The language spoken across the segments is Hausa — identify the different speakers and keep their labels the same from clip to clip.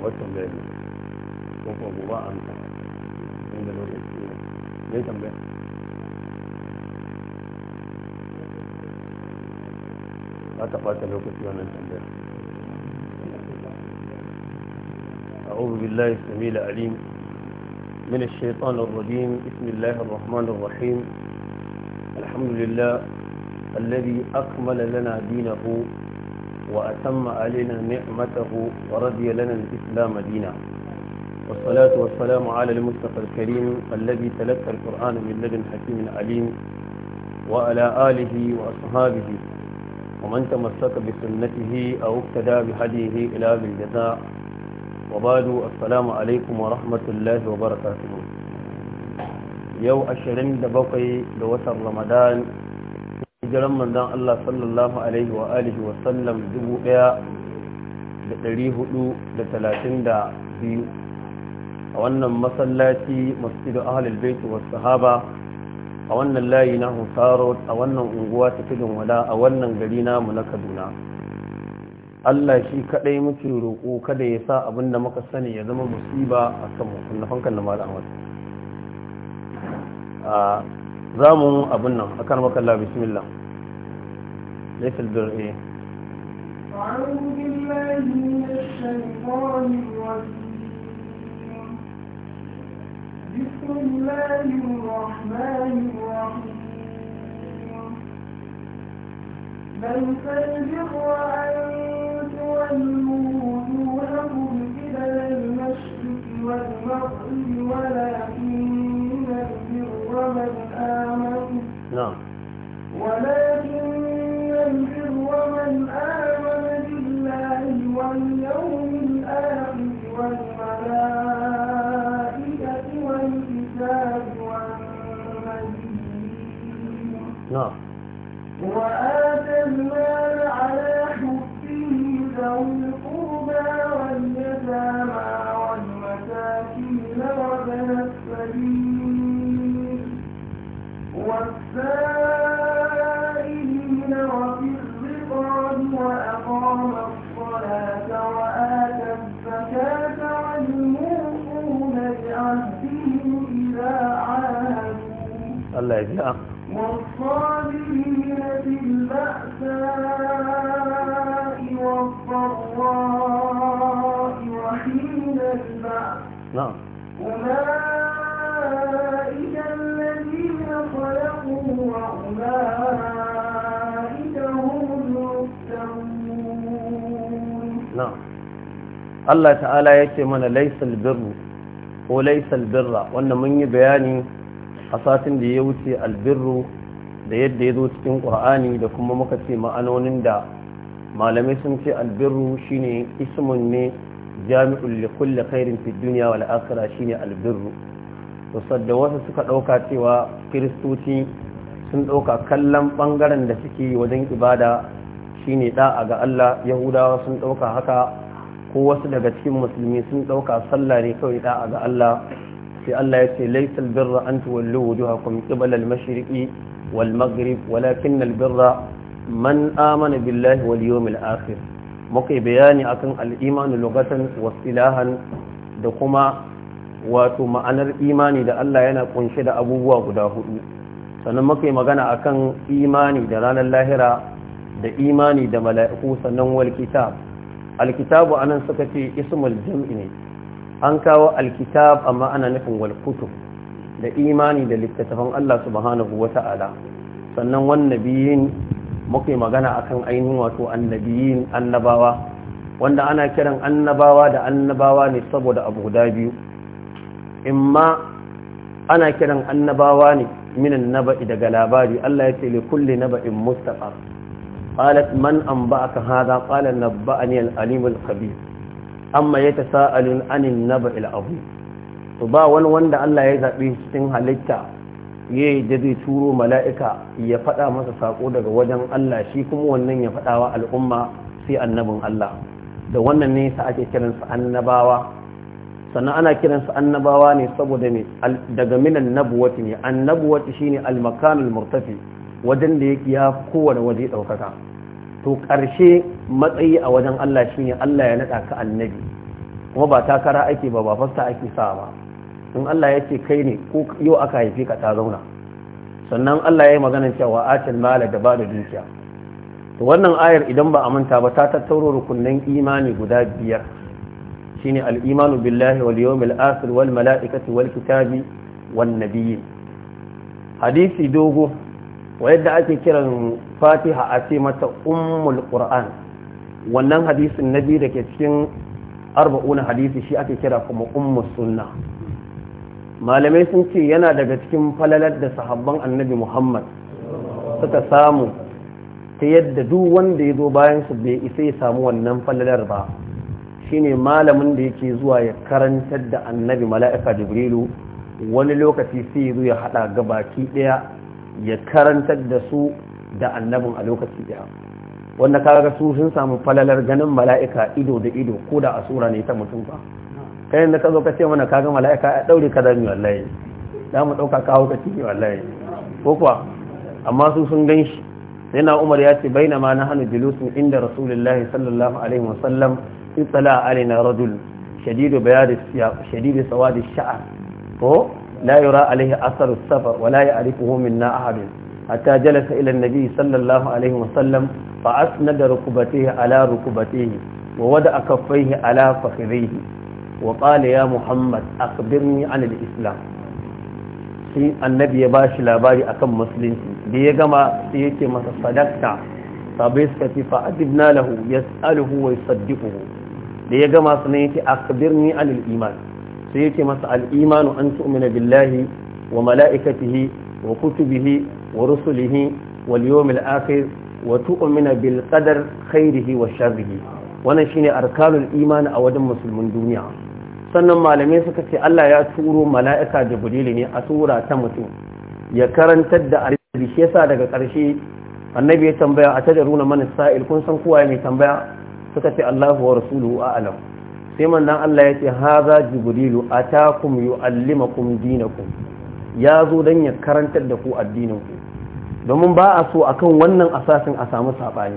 Speaker 1: kamacin da yanzu ko kuma gobe a amsa inda lokaci ne أعوذ بالله السميع العليم من الشيطان الرجيم بسم الله الرحمن الرحيم الحمد لله الذي أكمل لنا دينه وأتم علينا نعمته ورضي لنا الإسلام دينا والصلاة والسلام على المصطفى الكريم الذي تلقى القرآن من لدن حكيم عليم وعلى آله وأصحابه ومن تمسك بسنته أو اقتدى بهديه إلى بالجزاء وبعد السلام عليكم ورحمة الله وبركاته يو أشرين دبقي لوسر رمضان hijiran manzon Allah sallallahu alaihi wa alihi wa sallam biyu a wannan masallaci masjidu ahlul bait was sahaba a wannan layi na Husaro a wannan unguwa ta tudun wada a wannan gari namu na Kaduna Allah shi kaɗai muke roƙo kada ya sa abin da muka sani ya zama musiba a kan mutum na hankan da mala amur ah, za mu abin nan akan makalla bismillah ليه في البر ايه
Speaker 2: أعوذ بالله من الشيطان الرجيم بسم الله الرحمن الرحيم من البر أن تولوا وجوهكم إلى المشرق والمغرب ولكن البر من آمن نعم ولا الله يجيء والصابرين بالبأساء والضراء وحين البأس نعم أولئك الذين خلقوا وأولئك هم المتقون
Speaker 1: نعم الله تعالى يكي من ليس البر وليس البر وأن من يبياني a satin da ya wuce albirru da yadda ya zo cikin ƙwa'ani da kuma muka ce ma'anonin da malamai sun ce albirru shine ismin ne jami'ul li kulli kairin fi wa wal shi shine albirru to da wasu suka ɗauka cewa kiristoci sun ɗauka kallon ɓangaren da suke wajen ibada shine ɗa'a ga Allah yahudawa sun ɗauka haka ko wasu daga cikin musulmi sun ɗauka sallah ne kawai ɗa'a ga Allah sai Allah ya ce laysal birra an tuwallu wujuhakum qibala al-mashriqi wal maghrib walakin al-birra man amana billahi wal yawmil akhir muke bayani akan al-iman lughatan wa istilahan da kuma wato ma'anar imani da Allah yana kunshe da abubuwa guda hudu sannan muke magana akan imani da ranar lahira da imani da mala'iku sannan wal kitab al-kitabu anan suka ce ismul jam'i ne an kawo alkitab amma ana nufin walkutu da imani da littattafan Allah subhanahu wa ta'ala sannan wannabiyin muke magana akan ainihin wato annabiyin annabawa wanda ana kiran annabawa da annabawa ne saboda abu guda biyu imma ana kiran annabawa ne minan naba'i daga labari Allah ya ce li kulli naba'in Mustapha, qalat man anba'aka hadha qala nabba'ani al-alim al-khabir amma ya ta sa’alin anin naba abu to ba wani wanda Allah ya zaɓi cikin halitta ya yi da zai turo mala'ika ya faɗa masa saƙo daga wajen Allah shi kuma wannan ya faɗa wa al'umma sai annabin Allah da wannan ne sa ake kiransu annabawa sannan ana kiransu annabawa ne saboda ne daga minan nabuwati ne annabuwati shine almakanul murtafi wajen da yake ya kowane waje ɗaukaka to ƙarshe matsayi a wajen Allah shi ne Allah ya naɗa ka annabi kuma ba takara ake ba ba fasta ake sa ba in Allah ya ce kai ne ko yau aka haife ka ta zauna sannan Allah ya yi magana cewa atin mala da ba da dukiya to wannan ayar idan ba a manta ba ta tattauro rukunnan imani guda biyar shine al-imanu billahi wal yawmil akhir wal mala'ikati wal kitabi wan nabiyyi hadisi dogo wa yadda ake kiran fatiha a ce mata ummul qur'an wannan hadisin nabi da ke cikin arba'una hadisi shi ake kira kuma ummus sunna malamai sun ce yana daga cikin falalar da sahabban annabi muhammad suka samu ta yadda duk wanda ya zo bayan su bai isa ya samu wannan falalar ba shine malamin da yake zuwa ya karantar da annabi mala'ika jibrilu wani lokaci sai ya zo ya hada gabaki daya ya karantar da su da annabin a lokaci daya wanda kaga su sun samu falalar ganin mala'ika ido da ido ko da a sura ne ta mutum ba kai da ka zo ka ce mana kaga mala'ika ya daure ka da mi wallahi da mu dauka kawo ka ciki wallahi ko kuwa amma su sun gan shi sai na umar ya ce baina ma na hannu julusun inda rasulullahi sallallahu alaihi wa sallam alaina rajul shadidu bayadi shadidu sawadi sha'a ko لا يرى عليه أثر السفر ولا يعرفه منا أحد حتى جلس إلى النبي صلى الله عليه وسلم فأسند ركبتيه على ركبتيه ووضع كفيه على فخذيه وقال يا محمد أخبرني عن الإسلام sai annabi ya ba shi labari akan musulunci da ya gama sai yake masa sadakta sabai suka ce fa adibna da ya gama sunan yake akbirni iman sai yake masa al'imanu an tu'mina billahi wa mala'ikatihi wa kutubihi wa rusulihi wal yawmil akhir wa tu'mina bil qadar khairihi wa sharrihi wannan shine arkanul iman a wajen musulmin duniya sannan malamai suka ce Allah ya turo mala'ika jibril ne a sura ta mutum ya karantar da arabi shi yasa daga ƙarshe annabi ya tambaya a tadaruna man sa'il kun san kowa mai tambaya suka ce Allahu wa rasuluhu a'lam sai manzon Allah ya ce haza jibrilu atakum yuallimakum dinakum ya zo dan ya karantar da ku addinin ku domin ba a so akan wannan asasin a samu sabani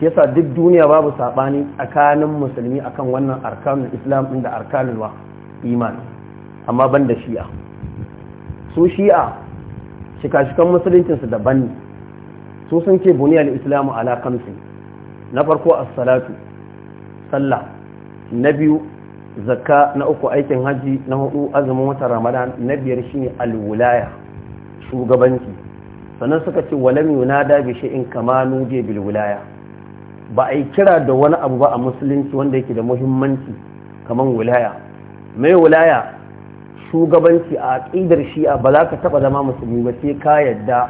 Speaker 1: shi yasa duk duniya babu sabani tsakanin musulmi akan wannan arkanul islam din da arkanul wa iman amma banda shi'a su shi'a shika-shikan musuluncinsu daban ne su sun ce buniyar islamu ala kamsi na farko as-salatu sallah na biyu zakka na uku aikin hajji na hudu azumin watan ramadan na biyar shi ne alwulaya shugabanci sannan suka ce walam yunada bi shay'in kama nuje bil wulaya ba a yi kira da wani abu ba a musulunci wanda yake da muhimmanci kaman wulaya. mai wulaya shugabanci a aqidar shi'a ba za ka taba zama musulmi ba sai ka yadda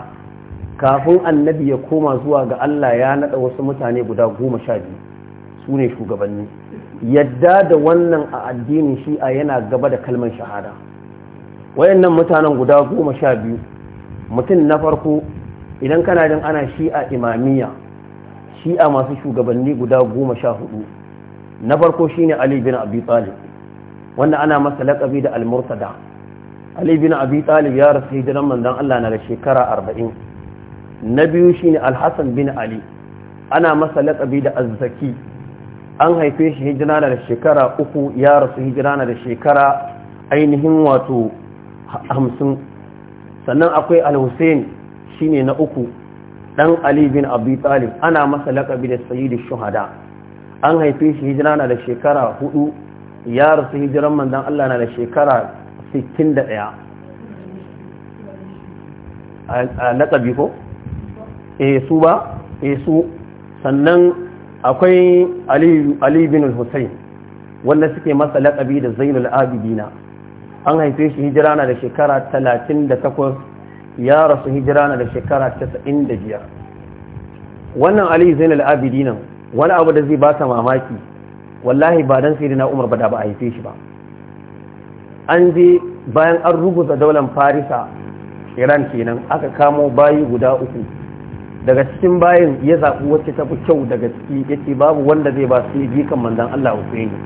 Speaker 1: kafin annabi ya koma zuwa ga Allah ya nada wasu mutane guda goma sha biyu su ne shugabanni yadda da wannan a addinin shi'a yana gaba da kalmar shahada wayannan mutanen guda goma sha biyu mutum na farko idan kana jin ana shi'a imamiyya shi'a masu shugabanni guda goma sha hudu na farko shine ali bin abi talib wanda ana masa laƙabi da al-murtada ali bin abi talib ya rasu hijiran manzon Allah na da shekara arba'in. na biyu shine al bin ali ana masa laƙabi da azzaki. an haife shi hijira na da shekara uku ya rasu hijira na da shekara ainihin wato hamsin sannan akwai al-hussein shine na uku dan ali bin abi talib ana masa laƙabi da sayyidu shuhada an haife shi hijira na da shekara hudu ya rasu hijiran manzon Allah na da shekara 61 a laƙabi ko eh su ba eh su sannan akwai ali bin hussein wanda suke masa laƙabi da zainul abidina an haife shi hijira na da shekara 38 ya rasu hijira na da shekara 95 wannan ali zainul abidina wani abu da zai baka mamaki wallahi ba dan sai na umar ba da ba a haife shi ba an je bayan an rubuta daular farisa iran kenan aka kamo bayi guda uku daga cikin bayan ya zaɓi wacce ta fi kyau daga ciki ya ce babu wanda zai ba su yi kan manzan Allah Hussaini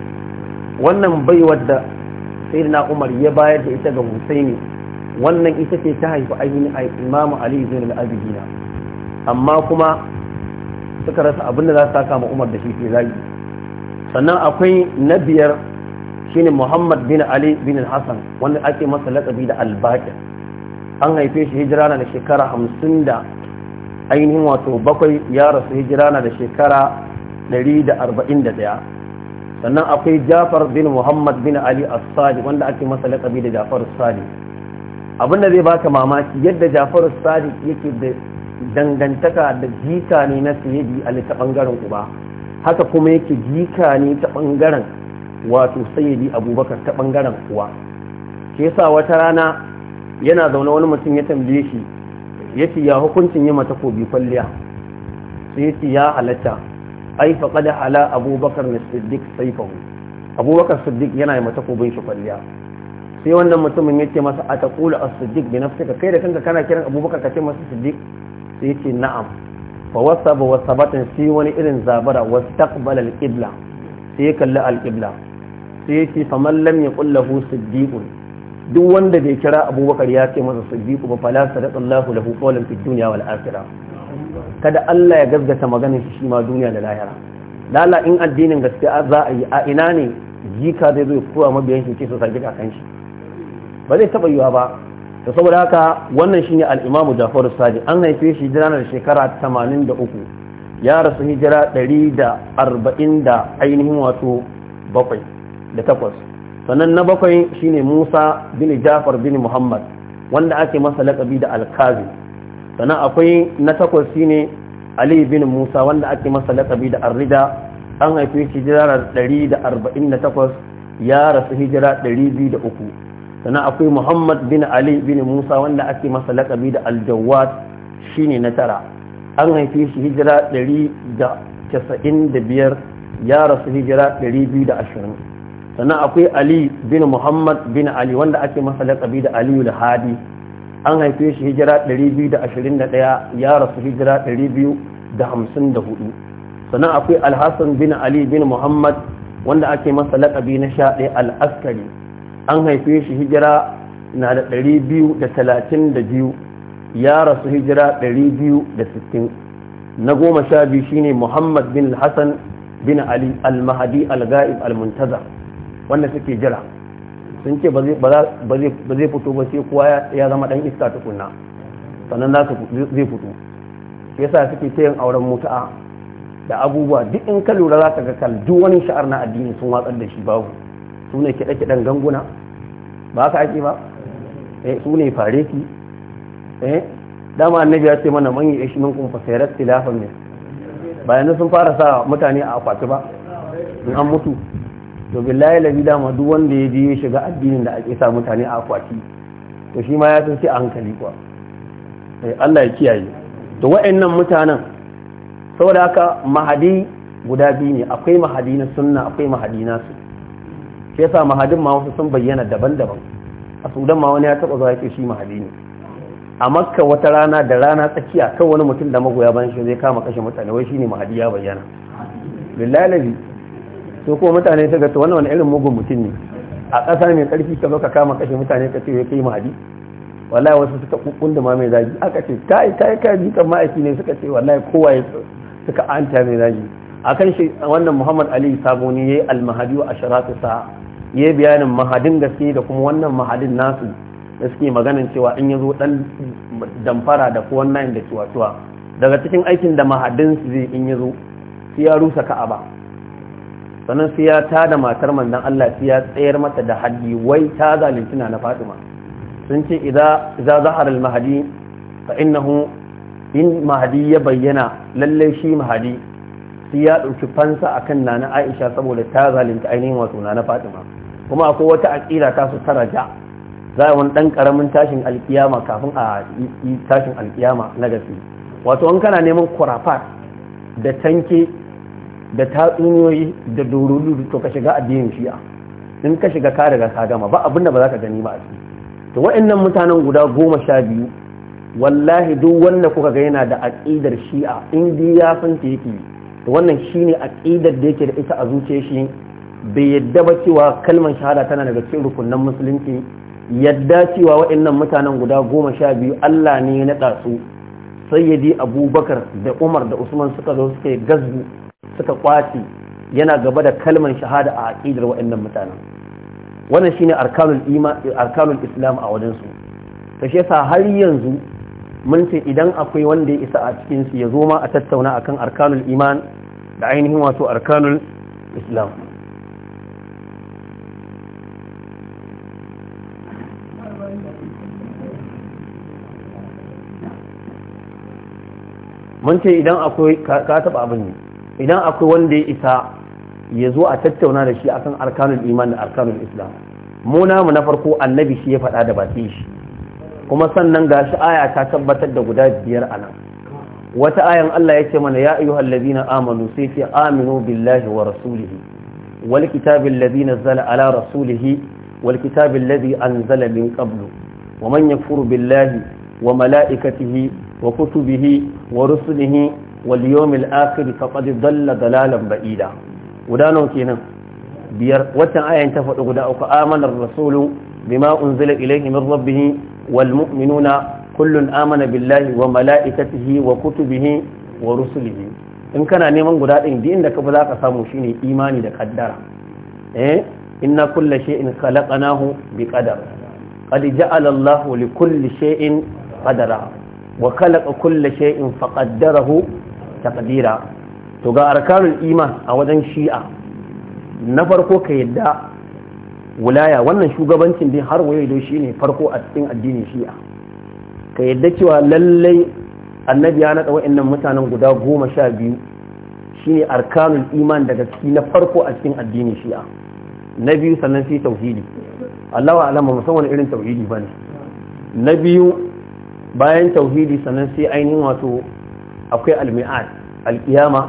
Speaker 1: wannan bai wadda sai na Umar ya bayar da ita ga Hussaini wannan ita ce ta haifi ainihin a Imam Ali Zain al amma kuma suka rasa abin da za su saka ma Umar da shi ke zagi sannan akwai na biyar shine Muhammad bin Ali bin Hassan wanda ake masa laƙabi da al an haife shi hijira na shekara hamsin da ainihin wato bakwai ya rasu hijira na da shekara 141 sannan akwai jafar bin muhammad bin ali as-sadi wanda ake masa laƙabi da jafar sadi abinda zai baka mamaki yadda jafar sadi yake da dangantaka da jika ne na sayyidi ali ta bangaren uba haka kuma yake jika ne ta bangaren wato sayyidi abubakar ta bangaren uwa ke sa wata rana yana zaune wani mutum ya tambaye shi yaci ya hukuncin yi mata kobi kwalliya sai ya halatta ai da ala abubakar na siddiq sayfahu abubakar siddiq yana yi mata kobin shi kwalliya sai wannan mutumin ya ce masa a kula a siddiq bi nafsika kai da kanka kana kiran abubakar ka ce masa siddiq sai yace na'am fa wasaba wasabatan sai wani irin zabara wasu al-qibla sai ya kalli al-qibla yaci fa mallam ya yaqul lahu siddiqun duk wanda bai kira abubakar ya ce masa siddiqu ba fala Allahu lahu qawlan fi dunya wal akhirah kada Allah ya gazgata maganar shi ma duniya da lahira lala in addinin gaskiya za a yi a ina ne jika zai zo kowa mabiyan shi ce su sarki kakan shi ba zai taba yiwa ba da saboda haka wannan shine al-Imam Ja'far Sadiq an haife shi ranar shekara 83 ya rasu hijira 140 da ainihin wato bakwai da takwas sannan na bakwai shine Musa bin Jafar bin Muhammad wanda ake masa laƙabi da alkazi sannan akwai na takwas shine Ali bin Musa wanda ake masa laƙabi da arrida an haife shi hijira 148 ya rasu hijira 203 sannan akwai Muhammad bin Ali bin Musa wanda ake masa laƙabi da aljawad shine na tara an haife shi hijira 195 ya rasu hijira 220 sannan akwai ali bin muhammad bin ali wanda ake masa laƙabi da aliyu da hadi an haife shi hijira 221 ya rasu hijira 254 sannan akwai alhassan bin ali bin muhammad wanda ake masa laƙabi na sha ɗaya al'askari an haife shi hijira na da 232 ya rasu hijira 260 na goma sha biyu shine muhammad bin hassan bin ali al-mahadi al-ga'ib al wanda suke jira sun ce ba zai fito ba sai kowa ya zama dan iska tukunna sannan za su zai fito ya sa suke ta yin auren mutu'a da abubuwa duk in ka lura za ka ga kaldu wani sha'ar na addini sun watsar da shi babu su ne kiɗe-kiɗen ganguna ba ka ake ba eh, su ne ki eh, dama annabi ya ce mana manyan ishi min kuma sayar tilafin ne bayan sun fara sa mutane a akwati ba in an mutu to billahi labi dama duk wanda ya je ya shiga addinin da ake sa mutane a akwati to shi ma ya san sai a hankali kuwa eh, Allah ya kiyaye to wa'annan mutanen saboda haka mahadi guda biyu ne akwai mahadi na sunna akwai mahadi na su sai yasa mahadin ma wasu sun bayyana daban-daban a sudan ma wani ya taba zuwa yake shi mahadi ne a makka wata rana da rana tsakiya kan wani mutum da magoya ban shi zai kama kashe mutane wai shine mahadi ya bayyana billahi to kuma mutane ta to wannan wani irin mugun mutum ne a ƙasa mai ƙarfi ka zo ka kama kashe mutane ka ce ya kai mahadi wallahi wasu suka da ma mai zagi aka ce ta yi ta yi kan ma'aiki ne suka ce wallahi kowa ya suka anta mai zagi akan shi wannan muhammad ali sabo ne ya yi almahadi wa asharatu sa ya yi bayanin mahadin gaske da kuma wannan mahadin nasu da suke maganin cewa in ya zo dan damfara da kuwan nayin da ciwa daga cikin aikin da mahadin su zai in ya zo sai ya rusa ka'aba sannan sai ya tada matar manzon Allah sai ya tsayar mata da haddi wai ta zalunci na Fatima sun ce idza idza zahar al mahdi fa innahu in Mahadi ya bayyana lallai shi Mahadi. Su ya dauki fansa akan nana Aisha saboda ta zalunci ainihin wato nana Fatima kuma akwai wata aqida ta su taraja za a wani dan karamin tashin alkiyama kafin a tashin alkiyama na gaske wato wanka kana neman kurafat da tanke da tatsuniyoyi da dururu to ka shiga addinin shi'a in ka shiga ka riga ka gama ba abin da ba za ka gani ba a ciki to wa'annan mutanen guda goma sha biyu wallahi duk wanda kuka ga yana da aqidar shi'a in dai ya san ta yake to wannan shine aqidar da yake da ita a zuciyar shi bai yadda ba cewa kalmar shahada tana daga cikin rukunin musulunci yadda cewa wa'annan mutanen guda goma sha biyu Allah ne ya naɗa su sayyidi abubakar da umar da usman suka zo suka yi gazbu suka kwace yana gaba da kalmar shahada a aqidar waɗannan mutanen wannan shine arkanul iman arkanul islam a wajen su to shi yasa har yanzu mun ce idan akwai wanda ya isa a cikin su ya zo ma a tattauna akan arkanul iman da ainihin wato arkanul islam mun ce idan akwai ka taɓa abin ne idan akwai wanda ya isa ya zo a tattauna da shi akan arkanul iman da arkanul islam mu namu na farko annabi shi ya faɗa da bakin shi kuma sannan gashi aya ta tabbatar da guda biyar a nan wata ayan Allah ya ce mana ya ayyuhal ladina amanu sai ce aminu billahi wa rasulihi wal kitabil ladhi nazzala ala rasulihi wal kitabil ladhi anzala min qablu wa man yakfuru billahi wa malaikatihi wa kutubihi wa rusulihi wal yawmil akhir faqad dalla dalalan ba'ida guda nawa kenan biyar watan ayan ta faɗi guda uku amanar rasulu bima unzila ilayhi min rabbih wal mu'minuna kullun amana billahi wa mala'ikatihi wa kutubihi wa rusulihi in kana neman guda ɗin duk da ka za ka samu shine imani da kaddara eh inna kulla shay'in khalaqnahu bi qadar qad ja'ala Allahu li kulli shay'in qadara wa khalaqa kulla shay'in faqaddarahu Takadira to ga arkanul iman a wajen shi'a na farko ka yadda wulaya wannan shugabancin din har waye da shi ne farko a cikin addinin shi'a ka yadda cewa lallai annabi ya naɗa wa'annan mutanen guda goma sha biyu shine arkanul iman daga ciki na farko a cikin addinin shi'a na biyu sannan sai tauhidi Allah wa alama musamman irin tauhidi bane na biyu bayan tauhidi sannan sai ainihin wato akwai almi'ad alƙiyama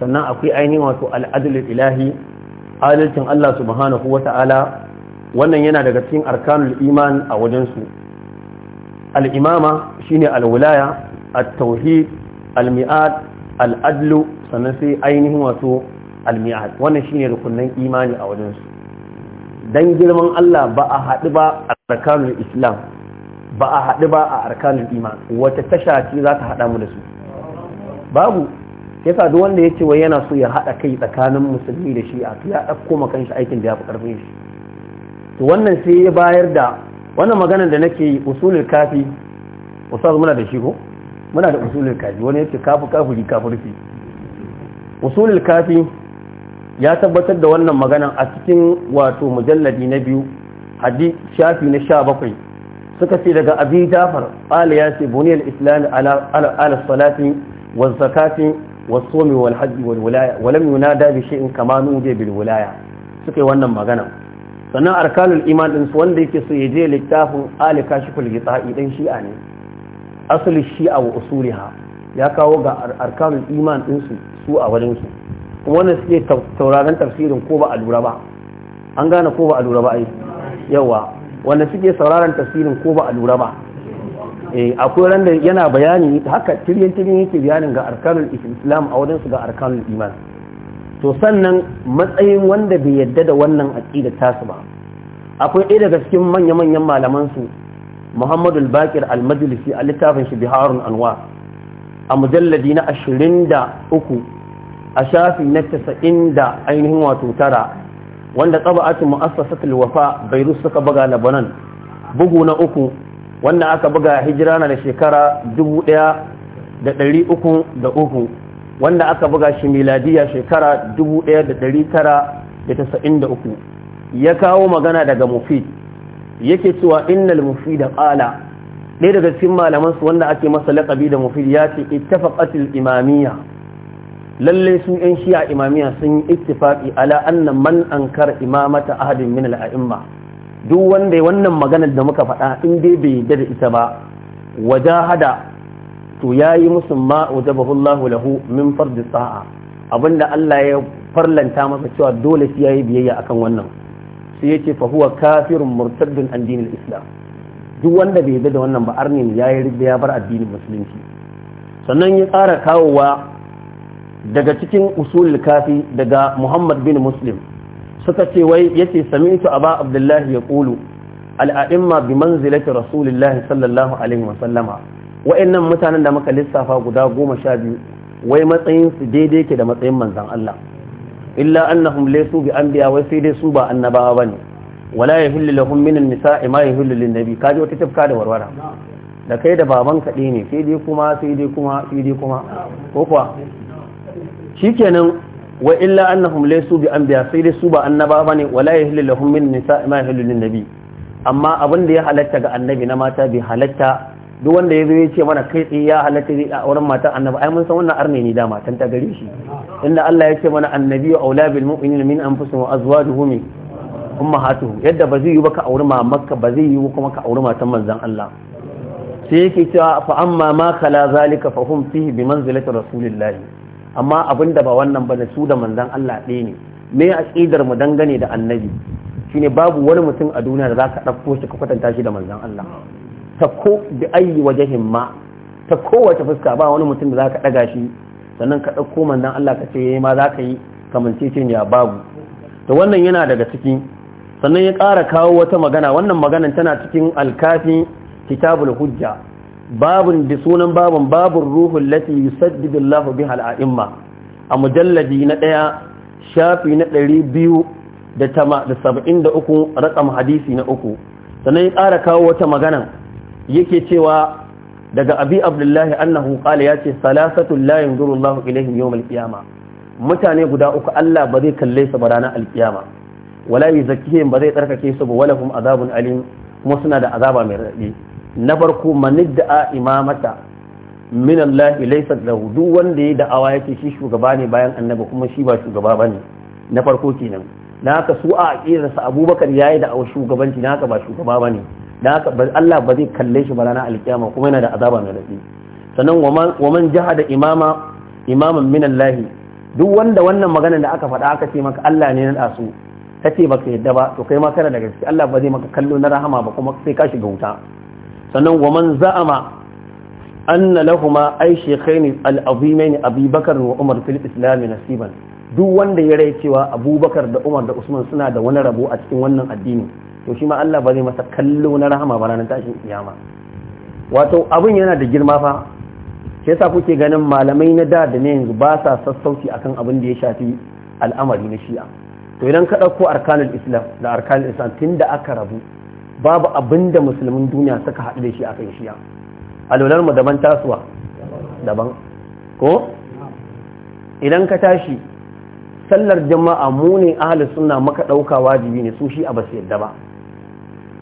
Speaker 1: sannan akwai ainihin wato al'adul ilahi adalcin Allah subhanahu wata'ala wannan yana daga cikin arkanul iman a wajensu al'imama shine alwulaya at-tauhid almi'ad al'adlu sannan sai ainihin wato almi'ad wannan shine rukunin imani a wajensu dan girman Allah ba a haɗu ba a arkanul islam ba a haɗu ba a arkanul iman wata tasha ce za ta haɗa mu da su babu yasa duk wanda yace wai yana so ya hada kai tsakanin musulmi da shi'a to ya dauko maka shi aikin da ya fi karfin shi to wannan sai ya bayar da wannan maganar da nake yi usulul kafi ustaz muna da shi ko muna da usulul kafi wani yace kafi kafiri kafurfi usulul kafi ya tabbatar da wannan maganar a cikin wato mujalladi na biyu hadi shafi na 17 suka ce daga abi jafar qala ya ce buniyal islam ala ala salati wanzakati wasuwami walwilaya walam yi nada bi shi in kama nuje bilwilaya suka yi wannan magana sannan arkanul iman din su wanda yake su yi je littafin alika shi kulgita idan shi'a ne asali shi'a wa usuliha ya kawo ga arkanul iman din su su a wajen su kuma wannan suke tauraron tafsirin ko ba a lura ba an gane ko ba a lura ba ai yawa wanda suke sauraron tafsirin ko ba a lura ba Eh, akwai ran da yana bayani haka tiryan tiryan yake bayanin ga arkanul islam a wajen su ga arkanul iman to sannan matsayin wanda bai yadda da wannan aqida tasu ba akwai ɗaya daga cikin manya manyan malaman su Muhammadu al-Baqir al-Majlisi a littafin shi Biharun anwa a mujalladi na 23 a shafi na 90 da ainihin wato tara wanda tsaba'atu mu'assasatul wafa Bairu suka buga labanan bugu na uku wannan aka buga hijira na shekara 1303 wanda aka buga shi miladiya shekara 1993 ya kawo magana daga mufid yake cewa innal mufida qala ɗaya daga cikin malaman su wanda ake masa laƙabi da mufid ya ce ittifaqatul imamiyya lalle su yan shi'a imamiyya sun yi ittifaqi ala annan man ankara imamata ahadin min al-a'imma duk wanda ya wannan maganar da muka faɗa in dai bai yarda da ita ba hada to yayi musu ma wajabahu Allah lahu min fardi sa'a abinda Allah ya farlanta masa cewa dole ya yayi biyayya akan wannan sai yace fa huwa kafirun murtaddun an islam duk wanda bai yarda da wannan ba arnin yayi rida ya bar addinin musulunci sannan ya tsara kawowa daga cikin usulul kafi daga Muhammad bin Muslim suka ce wai yace sami'tu aba abdullahi ya yaqulu al'a'imma bi manzilati rasulillahi sallallahu alaihi wa sallama wa'annan mutanen da muka lissafa guda goma sha biyu wai matsayin su daidai ke da matsayin manzon Allah illa annahum laysu bi anbiya wai sai dai su ba annabawa bane wala yahillu lahum min an-nisa'i ma yahillu lin-nabi kaji wata tafka da warwara da kai da baban kaɗe ne sai dai kuma sai dai kuma sai dai kuma ko kuwa shikenan wa illa annahum laysu bi anbiya sai dai su ba annaba bane wala yahillu lahum min nisa'i ma yahillu lin nabi amma abin da ya halatta ga annabi na mata bai halatta duk wanda ya zo ya ce mana kai tsaye ya halatta zai a wurin matan annabi ai mun san wannan arne ne dama matan ta gare shi inda Allah ya ce mana annabi wa aula bil mu'minina min anfusihim wa azwajuhum ummahatuhum yadda ba zai yi ka auri mamakka ba zai yi kuma ka auri matan manzon Allah sai yake cewa fa amma ma kala zalika fa hum fihi bi manzilati rasulillahi amma abin da ba wannan ba ne su da manzan Allah ɗaya ne me a tsidar mu dangane da annabi shine babu wani mutum a duniya da zaka dauko shi ka kwatanta shi da manzan Allah ta ko bi ayi waje himma ta kowace fuska ba wani mutum da zaka ɗaga shi sannan ka dauko manzan Allah ka ce eh, ma zaka yi ya babu to wannan yana daga cikin sannan ya ƙara kawo wata magana wannan maganan tana cikin alkafi kitabul hujja babun da sunan babun babun ruhun lati yusaddidu Allahu biha a mujalladi na ɗaya shafi na ɗari biyu da da uku rakam hadisi na uku sannan ya ƙara kawo wata magana yake cewa daga abi abdullahi annahu qala yace salasatu la yanzuru Allahu ilaihim yawm al mutane guda uku Allah ba zai kalle su ba ranar al-qiyama wala yuzakkihim ba zai tsarkake su ba walahum azabun alim kuma suna da azaba mai raɗaɗi na farko manidda imamata min Allah laysa lahu duk wanda ya da'awa yake shi shugaba ne bayan annabi kuma shi ba shugaba bane na farko kenan Na haka su a akidar sa Abubakar yayi da shugabanci na haka ba shugaba bane Na haka Allah ba zai kalle shi ba ranar alkiyama kuma yana da azaba mai sannan wa man jahada imama imaman min Allah duk wanda wannan magana da aka faɗa aka ce maka Allah ne na su kace baka yadda ba to kai ma kana daga ciki Allah ba zai maka kallo na rahama ba kuma sai ka shiga wuta sannan wa man za'ama anna lahuma ay shaykhaini al-azimaini Abi Bakar wa Umar fil Islam nasiban duk wanda ya rai cewa Abubakar da Umar da Usman suna da wani rabo a cikin wannan addini to shi ma Allah ba zai masa kallo na rahama ba ranar tashin kiyama wato abin yana da girma fa Ke sa kuke ganin malamai na da da ne yanzu ba sa sassauci akan abin da ya shafi al'amari na shi'a to idan ka ɗauko arkanul islam da arkanul islam tun da aka rabu babu abin da musulmin duniya suka haɗu da shi a kan shiya alwalar mu daban tasuwa daban ko idan ka tashi sallar jama'a mu ne ahli sunna maka ɗauka wajibi ne su shi a basu yadda ba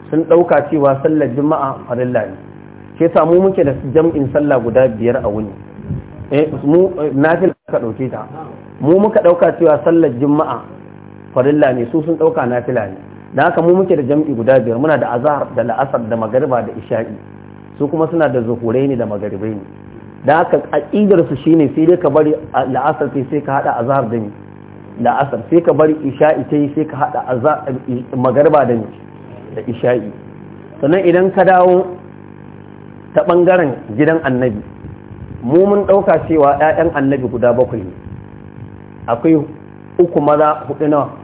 Speaker 1: sun ɗauka cewa sallar jama'a farilla ne ke samu muke da jam'in sallah guda biyar a wuni eh, mu fi ka ɗauke ta mu muka ɗauka cewa sallar jama'a farilla ne su sun ɗauka fi ne da haka mu muke da jam'i guda biyar muna da azhar da la'asar da magariba da isha'i su kuma suna da zuhurai ne da magaribai ne da haka aqidar su shine sai dai ka bari la'asar sai sai ka hada azhar da ni la'asar sai ka bari isha'i sai sai ka hada azhar magariba da ni da isha'i sannan idan ka dawo ta bangaren gidan annabi mu mun dauka cewa ƴaƴan annabi guda bakwai ne akwai uku maza hudu nawa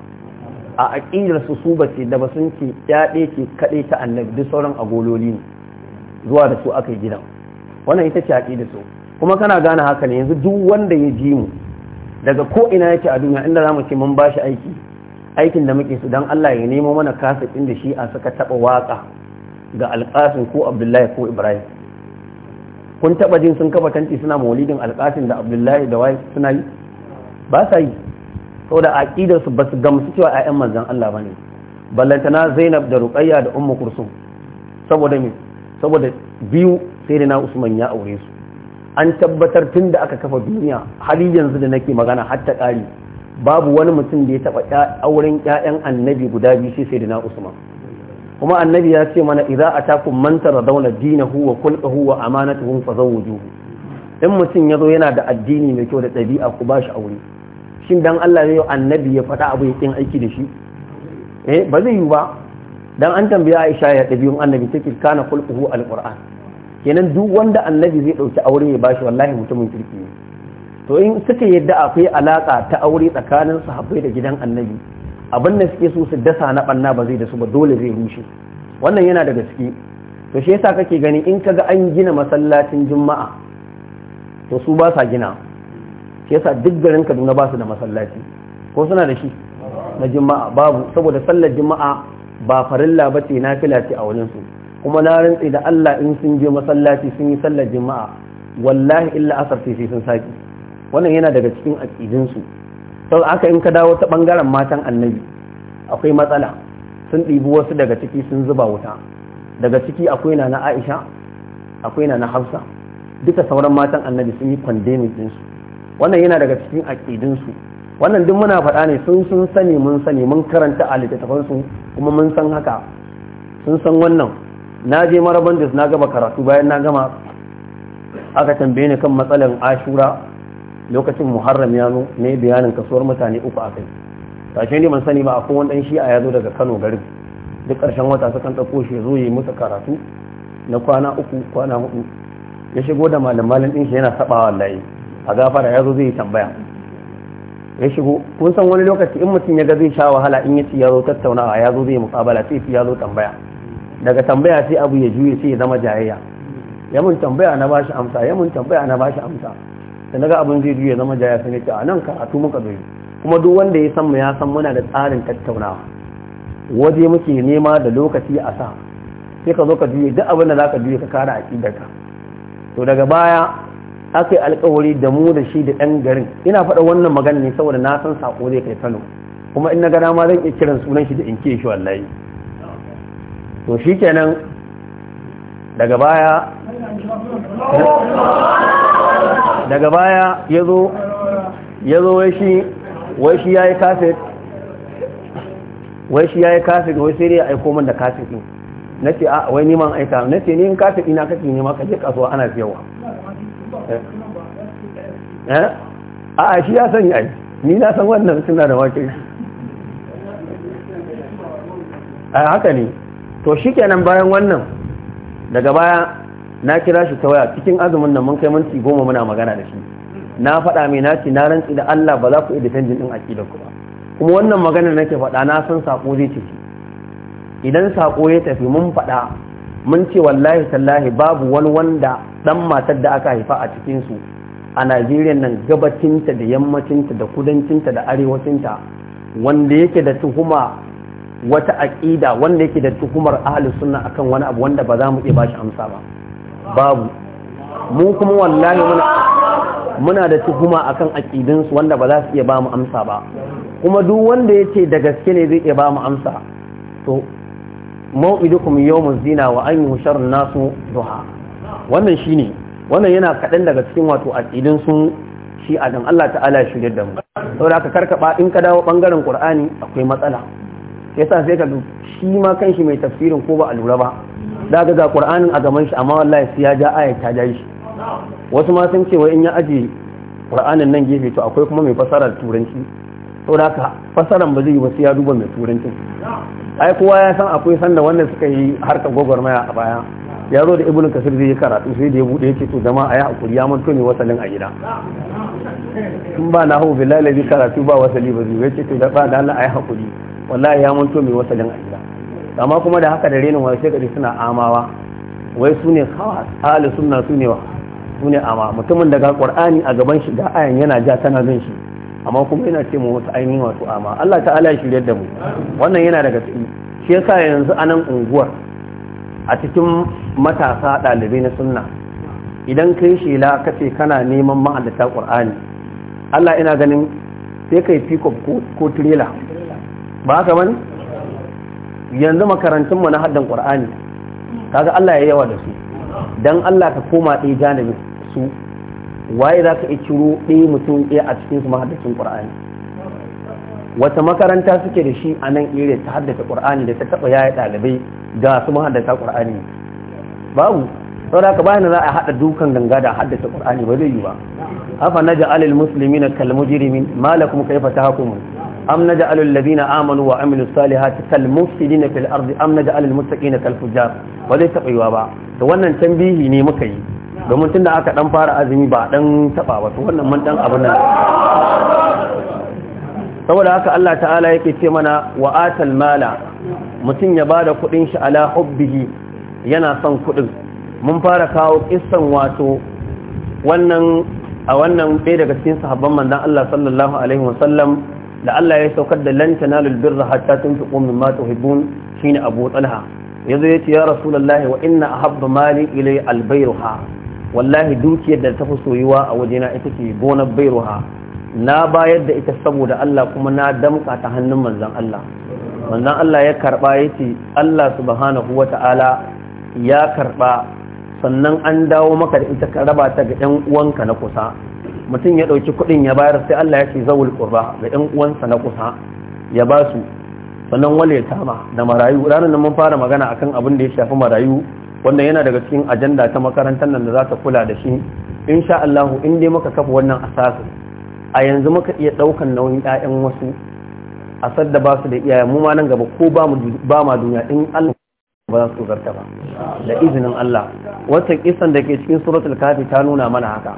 Speaker 1: a aƙidar su su bace da ba sun ce ya ke kaɗai ta annabi duk sauran agololi ne zuwa da su aka yi gidan wannan ita ce da su kuma kana gane haka ne yanzu duk wanda ya ji mu daga ko ina yake a duniya inda zamu ce mun ba shi aiki aikin da muke su dan Allah ya nemo mana kasafin da shi a suka taba waka ga alƙasin ko Abdullahi ko Ibrahim kun taba jin sun kafa tanti suna maulidin alƙasin da Abdullahi da wai suna yi ba sa yi saboda aqidar su basu gamsu cewa ƴaƴan manzon Allah bane ballantana Zainab da Ruqayya da Ummu Kursum saboda me saboda biyu sai da na Usman ya aure su an tabbatar tun da aka kafa duniya har yanzu da nake magana har ta ƙari babu wani mutum da ya taɓa auren 'ya'yan annabi guda biyu sai sai na Usman kuma annabi ya ce mana idza atakum man taradawna dinahu wa kulluhu wa amanatuhu fazawwujuhu in mutum yazo yana da addini mai kyau da ɗabi'a ku bashi aure shin dan Allah yi annabi ya faɗa abu ya kin aiki da shi eh ba zai yi ba dan an tambaya Aisha ya dabi'un annabi take kana kulquhu alquran kenan duk wanda annabi zai dauki aure ya bashi wallahi mutumin kirki ne to in suka yadda akwai alaka ta aure tsakanin sahabbai da gidan annabi abin da suke so su dasa na banna ba zai da su ba dole zai rushe wannan yana da gaske to shi yasa kake gani in kaga an gina masallacin juma'a to su ba sa gina shi yasa duk garin kaduna ba su da masallaci ko suna da shi na juma'a babu saboda sallar juma'a ba farilla ba ce na fila ce a wurin su kuma na rantsi da Allah in sun je masallaci sun yi sallar juma'a wallahi illa asar sai sun saki wannan yana daga cikin aqidin sau aka in ka dawo ta bangaren matan annabi akwai matsala sun ɗibi wasu daga ciki sun zuba wuta daga ciki akwai na Aisha akwai na Hafsa duka sauran matan annabi sun yi kwande din wannan yana daga cikin aƙidinsu wannan duk muna faɗa ne sun sun sani mun sani mun karanta a littattafansu kuma mun san haka sun san wannan na je maraban da na gama karatu bayan na gama aka tambaye ni kan matsalan ashura lokacin muharram ya zo ne bayanin kasuwar mutane uku a kai sashe ne ban sani ba akwai wani ɗan shi'a ya zo daga kano garin duk ƙarshen wata sukan ɗauko shi zo yi musu karatu na kwana uku kwana hudu ya shigo da malam malam shi yana saɓawa layi a gafara ya zo zai tambaya ya shigo kun san wani lokaci in mutum ya ga zai sha wahala in ya ci ya zo tattaunawa ya zo zai muƙabala sai ya zo tambaya daga tambaya sai abu ya juye sai ya zama jayayya ya mun tambaya na bashi amsa ya mun tambaya na bashi amsa da naga abin zai juye zama jayayya sai ce a nan karatu muka zo kuma duk wanda ya san mu ya san muna da tsarin tattaunawa waje muke nema da lokaci a sa sai ka zo ka juye duk abin da zaka juye ka kara aƙidarka to daga baya aka yi alkawari da mu da shi da ɗan garin ina faɗa wannan magana ne saboda na san sako zai kai kano kuma in na gana ma zan iya kiran sunan shi da in ke shi wallahi to shi kenan daga baya daga baya ya zo ya zo wai shi wai shi ya yi kaset wai shi ya yi kaset wai sai dai ya aiko man da kaset na ce a wai neman aika na ce ne in kaset ina kake nema ka je kasuwa ana siyarwa
Speaker 3: Eh?
Speaker 1: a shi ya sanya ai ni na san wannan suna da wake a eh, haka ne to shi kenan bayan wannan daga baya na kira shi ta waya cikin azumin nan mun kai minti goma muna magana da shi na faɗa mai na ci na rantsi da Allah ba za ku iya defendin ɗin da ku ba kuma wannan maganar nake faɗa na san sako zai tafi idan sako ya tafi mun faɗa mun ce wallahi tallahi babu wani wanda dan matar da aka haifa a cikin su a Najeriya nan gabacinta da yammacinta da kudancinta da arewacinta wanda yake da tuhuma wata aqida wanda yake da tuhumar ahlus sunna akan wani abu wanda ba za mu iya bashi amsa ba babu mu kuma wallahi muna muna da tuhuma akan aqidin su wanda ba za su iya ba mu amsa ba kuma duk wanda yake da gaske ne zai iya ba mu amsa to mau'idukum yawmuz zina wa an yusharun nasu duha wannan shine wannan yana kaɗan daga cikin wato aqidin su shi adam Allah ta'ala ya shirye da mu saboda ka karkaba in ka dawo bangaren Qur'ani akwai matsala yasa sai ka shi ma kanshi mai tafsirin ko ba a lura ba da ga Qur'anin a gaban shi amma wallahi sai ya ja ayat ta shi wasu ma sun ce wai in ya aje Qur'anin nan gefe to akwai kuma mai fasara turanci to da fasaran ba zai yi wasu ya duba mai turancin ai kowa ya san akwai sanda wannan suka yi harkar gwagwarmaya a baya yaro da ibnu kasir zai yi karatu sai da ya bude yake to jama'a ya hakuri ya manto ne wasalin a gida in ba na hau billahi lazi karatu ba wasali ba zai yake to da ba da Allah ai hakuri wallahi ya manto mai wasalin a gida amma kuma da haka da renin wani shekari suna amawa wai su ne kawai ahli sunna su ne wa su ne amawa mutumin daga qur'ani a gaban shi da ayan yana ja tana zan shi amma kuma yana ce mu wasu ainihin wasu amma Allah ta'ala ya shirya da mu wannan yana daga ciki shi yasa yanzu a unguwar a cikin matasa ɗalibai na sunna idan kai shela ka ce kana neman ma'adata ƙur'ani Allah ina ganin sai kai pick up ko trailer ba haka bane yanzu makarantun mu na haddan ƙur'ani kaga Allah ya yawa da su dan Allah ka koma ɗaya janabi su waye za ka iya ciro ɗaya mutum ɗaya a cikin su mahaddacin ƙur'ani wata makaranta suke da shi a nan iri ta haddace ƙur'ani da ta taɓa yaya ɗalibai ga su mahaddata ƙur'ani babu saboda haka bayan za a haɗa dukan ganga da haddace ƙur'ani ba zai yi ba afa naja alil musulmi na kalmujirimin malakum kaifa tahkumun am naja alil ladina amanu wa amilu salihati kalmufsidina fil ardi am naja alil muttaqina kalfujjar ba zai taɓa yiwa ba Da wannan tambihi ne muka yi domin tun da aka dan fara azumi ba dan taba ba to wannan mun dan abun nan saboda haka Allah ta'ala yake ce mana wa atal mala mutum ya bada kudin shi ala hubbihi yana son kudin mun fara kawo kissan wato wannan a wannan bai daga cikin sahabban manzon Allah sallallahu alaihi wasallam da Allah ya saukar da lan tanalul birra hatta tunfiqu mimma tuhibbun shine Abu Talha yazo yace ya rasulullahi wa inna ahabba mali ilay albayruha wallahi dukiyar da ta fi soyuwa a wajena ita ce gonar bairuha na bayar da ita saboda Allah kuma na damka ta hannun manzan Allah manzan Allah ya karba ya ce Allah subhanahu wa ta'ala ya karba sannan an dawo maka da ita ka raba ta ga ɗan uwanka na kusa mutum ya ɗauki kuɗin ya bayar sai Allah ya ce zawul qurba ga ɗan uwansa na kusa ya ba su sannan wale tama da marayu ranar nan mun fara magana akan abin da ya shafi marayu wanda yana daga cikin ajanda ta makarantar nan da za ta kula da shi insha Allah in dai muka kafa wannan asasi a yanzu muka iya daukan nauyin ƴaƴan wasu a sadda ba su da iyaye mu ma nan gaba ko ba mu ba ma duniya in Allah ba za su zarta ba da izinin Allah wata kisan da ke cikin suratul kafi ta nuna mana haka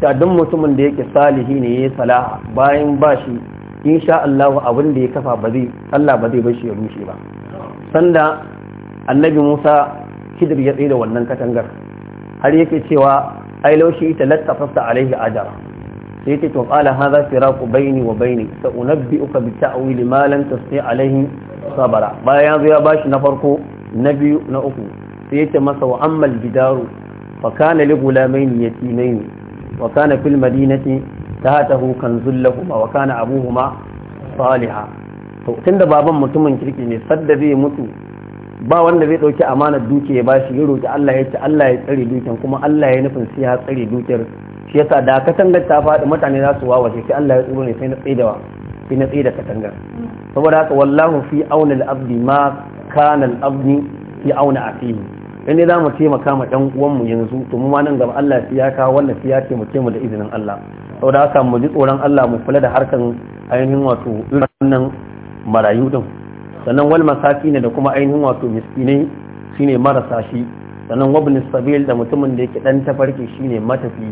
Speaker 1: ta duk mutumin da yake salihi ne yayi salaha bayan ba shi insha Allah abin da ya kafa ba zai Allah ba zai bar shi ya rushe ba sanda annabi Musa kidir ya tsaye wannan katangar har yake cewa ai laushi ita lattafasta alaihi ajara sai yake to qala hadha firaqu baini wa baini sa unabbi'uka bi ta'wili ma lam tasti alaihi sabara bayan yanzu ya bashi na farko na biyu na uku sai yake masa wa ammal bidaru fa kana li gulamaini yatimaini wa kana fil madinati tahtahu kanzul lahum wa kana abuhuma salihan to tunda baban mutumin kirki ne sadda zai mutu ba wanda zai ɗauki amanar dukiya ya bashi ya roƙi Allah ya ce Allah ya tsare dukiyar kuma Allah ya yi nufin sai ya tsare dukiyar shi yasa da katangar ta faɗi mutane za su wawace sai Allah ya tsoro ne sai na tsaye da sai na tsida katangar saboda haka wallahu fi auna al-abdi ma kana al-abdi fi auna afihi in dai zamu taimaka ma dan uwan mu yanzu to mu ma nan gaba Allah ya kawo wannan ce mu ce mu da izinin Allah saboda haka mu ji tsoron Allah mu kula da harkan ainihin wato wannan marayu din sannan wal ne da kuma ainihin wato miskinai shine marasa shi sannan wabin sabil da mutumin da yake dan tafarki shine matafi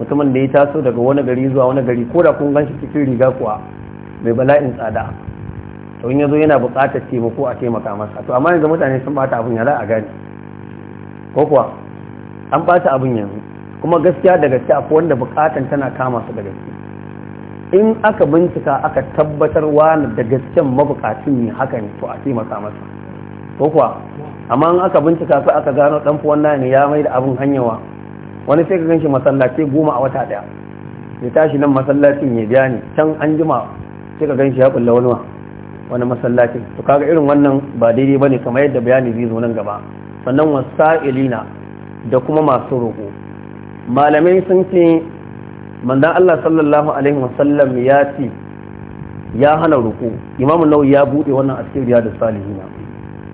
Speaker 1: mutumin da ya taso daga wani gari zuwa wani gari ko da kun ganshi cikin riga kuwa mai bala'in tsada to in yazo yana buƙatar taimako a taimaka masa to amma yanzu mutane sun bata abin za a gani ko kuwa an bata abin yanzu kuma gaskiya da gaskiya akwai wanda buƙatan tana kama su da gaske in aka bincika aka tabbatar wani da gasken mabukacin ne haka ne to a taimaka masa ko kuwa amma in aka bincika sai aka gano dan fuwan ne ya mai da abin hanyawa wani sai ka ganshi masallaci goma a wata daya ya tashi nan masallacin ya biya ni can an jima sai ka ganshi ya kulla wani wani masallacin to kaga irin wannan ba daidai bane kamar yadda bayani zai zo nan gaba sannan wasa'ilina da kuma masu roƙo malamai sun ce manzon Allah sallallahu alaihi wasallam ya ce ya hana ruku imam nawawi ya buɗe wannan asiri da salihina.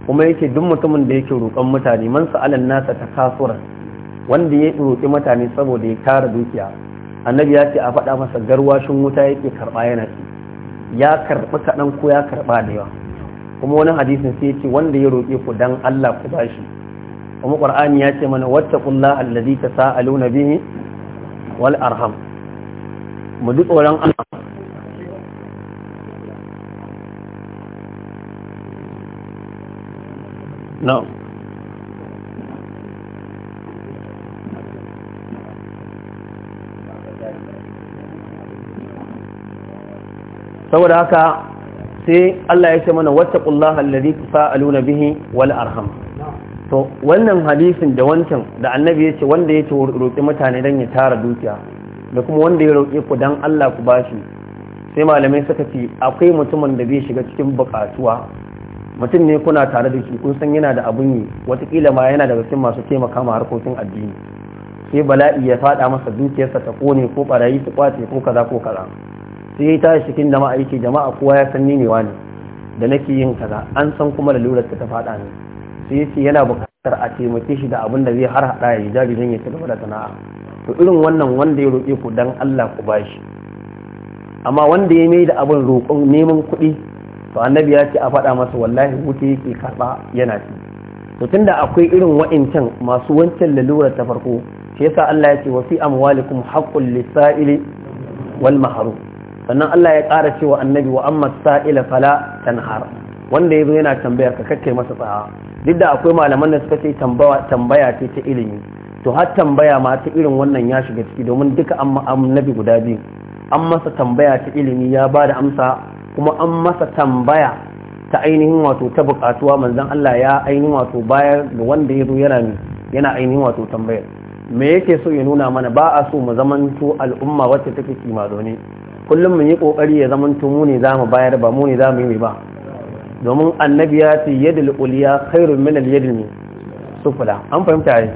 Speaker 1: kuma yake duk mutumin da yake roƙon mutane man sa'alan nasa ta kasuwar. wanda ya roƙi mutane saboda ya tara dukiya annabi ya ce a faɗa masa garwashin wuta yake karɓa yana ci ya karɓi kaɗan ko ya karɓa da yawa kuma wani hadisin sai ce wanda ya roƙe ku dan Allah ku bashi kuma Ƙur'ani ya ce mana wattaqullaha allazi tasaaluna bihi wal arham mu duk tsoron Allah no saboda haka sai Allah ya ce mana wattaqullaha allazi tusaaluna bihi wal arham to wannan hadisin da wancan da annabi ya ce wanda ya ce roƙi mutane dan ya tara dukiya da kuma wanda ya roƙe ku dan Allah ku bashi sai malamai suka ce akwai mutumin da zai shiga cikin buƙatuwa mutum ne kuna tare da shi kun san yana da abun yi watakila ma yana daga cikin masu taimaka ma harkokin addini sai bala'i ya faɗa masa dukiyarsa ta kone ko barayi su ƙwace ko kaza ko kaza sai ya tashi cikin jama'a yake jama'a kowa ya san ni ne wani da nake yin kaza an san kuma lalurar ta faɗa ne sai ce yana buƙatar a taimake shi da abin da zai har haɗa ya jari don ya ci gaba da sana'a to irin wannan wanda ya roƙe ku dan Allah ku bashi amma wanda ya mai da abin roƙon neman kuɗi to annabi ya ce a faɗa masa wallahi wuce yake karɓa yana ci to tunda akwai irin wa'incan masu wancan lalurar ta farko shi yasa Allah ya ce wa fi amwalikum haqqul lisa'ili wal mahru sannan Allah ya ƙara cewa annabi wa amma sa'ila fala tanhar wanda yazo yana tambaya ka kake masa tsaha duk da akwai malaman da suka ce tambaya ce ta ilimi to har tambaya ma ta irin wannan ya shiga ciki domin duka an annabi guda biyu an masa tambaya ta ilimi ya ba da amsa kuma an masa tambaya ta ainihin wato ta bukatuwa manzon Allah ya ainihin wato bayar da wanda ya zo yana ne yana ainihin wato tambayar me yake so ya nuna mana ba a so mu zamanto al'umma wacce take kima zaune kullum mu yi kokari ya zamanto mu ne zamu bayar ba mu ne zamu yi ba domin annabi ya ce yadul uliya khairun min al ne. sufula an fahimta yi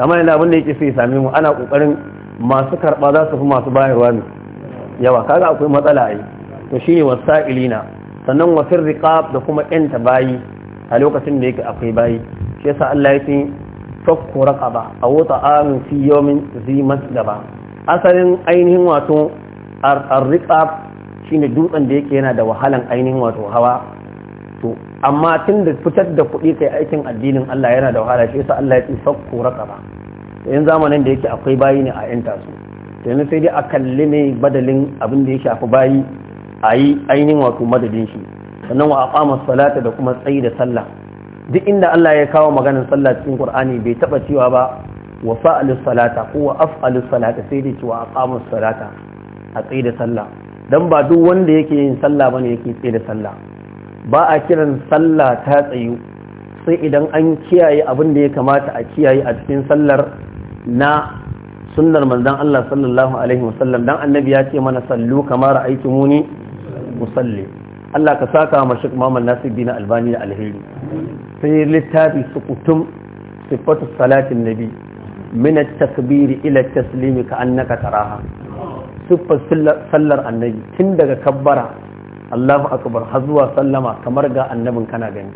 Speaker 1: amma yana abinda da yake sai sami mu ana kokarin masu karba za su fi masu bayarwa ne yawa kaga akwai matsala ai to shine wasailina sannan wasir riqab da kuma yanta bayi a lokacin da yake akwai bayi shi yasa Allah yake fakku raqaba aw ta'amin fi yawmin zi masgaba asalin ainihin wato ar-riqab shine dutsen da yake yana da wahalan ainihin wato hawa to amma tun da fitar da kuɗi kai aikin addinin Allah yana da wahala shi yasa Allah ya ce kaba, raqaba yan zamanin da yake akwai bayi ne a yanta su to yanzu sai dai a kalli ne badalin abin da ya shafi bayi a yi ainihin wato madadin shi sannan wa aqama salata da kuma tsayi da sallah duk inda Allah ya kawo maganar sallah cikin Qur'ani bai taba cewa ba wa fa'alu salata ko wa af'alu salata sai dai cewa aqama salata a tsayi da sallah dan ba duk wanda yake yin sallah bane yake tsayi da sallah ba a kiran sallah ta tsayu sai idan an kiyaye abin da ya kamata a kiyaye a cikin sallar na sunnar manzon Allah sallallahu alaihi wasallam dan annabi ya ce mana sallu kama muni musalli Allah ka saka kuma Sheikh nasu bi na Albani da alheri sai littafi su su sifatu salatin nabi mina takbiri ila taslimi ka annaka taraha sifar sallar annabi tun daga kabbara Allahu akbar har zuwa sallama kamar ga annabin kana gani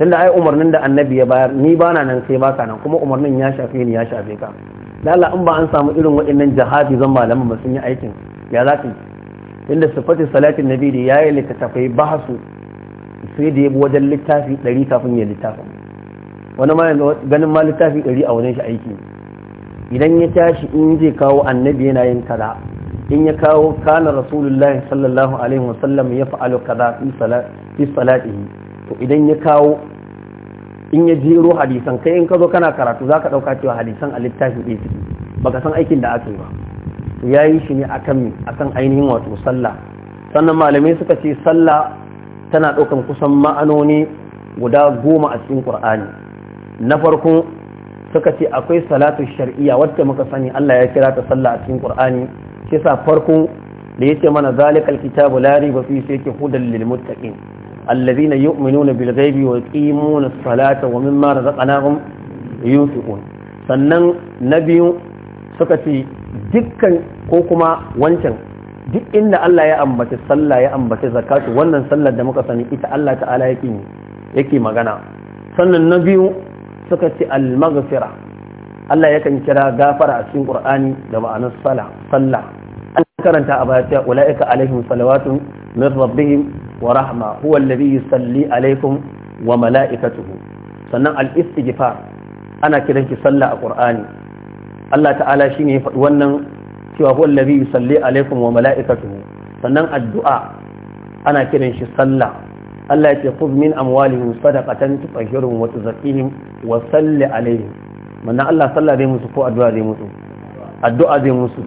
Speaker 1: tunda ai umarnin da annabi ya bayar ni bana nan sai baka nan kuma umarnin ya shafe ni ya shafe ka lalla in ba an samu irin waɗannan jihadi zan malaman ba sun yi aikin ya za ka yi inda salatin nabi da yayi littattafai bahasu sai da bi wajen littafi ɗari kafin ya littafin wani ma ganin ma littafi ɗari a wajen shi aiki idan ya tashi in zai kawo annabi yana yin kaza in ya kawo kana rasulullahi sallallahu alaihi wasallam ya fa'alu kaza fi salatihi to idan ya kawo in ya jero hadisan kai in ka zo kana karatu zaka dauka cewa hadisan a littafi ɗaya suke baka san aikin da aka yi ba to yayi shi ne akan me akan ainihin wato sallah sannan malamai suka ce sallah tana ɗaukan kusan ma'anoni guda goma a cikin qur'ani na farko suka ce akwai salatu shar'iyya wacce muka sani Allah ya kira ta sallah a cikin qur'ani kisa sa farko da yake mana zalikal kitabu la riba fi sai yake hudal lil muttaqin alladhina yu'minuna bil ghaibi wa yuqimuna as-salata wa mimma razaqnahum yunfiqun sannan nabi suka ce dukkan ko kuma wancan duk inda Allah ya ambaci sallah ya ambaci zakatu wannan sallar da muka sani ita Allah ta'ala yake yake magana sannan na biyu suka ce al-maghfira Allah ya kan kira gafara a cikin Qur'ani da ma'anar sala sallah an karanta a baya ulaika alaihim salawatun min rabbihim wa rahma huwa alladhi yusalli alaikum wa mala'ikatuhu sannan al-istighfar ana kiran ki sallah a Qur'ani Allah ta'ala shine ya faɗi wannan cewa huwa alladhi yusalli alaikum wa mala'ikatuhu sannan addu'a ana kiran shi sallah Allah ya ce khudh min amwalihim sadaqatan tutahhiruhum wa tuzakkihim wa salli alaihim manzon Allah sallah zai musu ko addu'a zai musu addu'a zai musu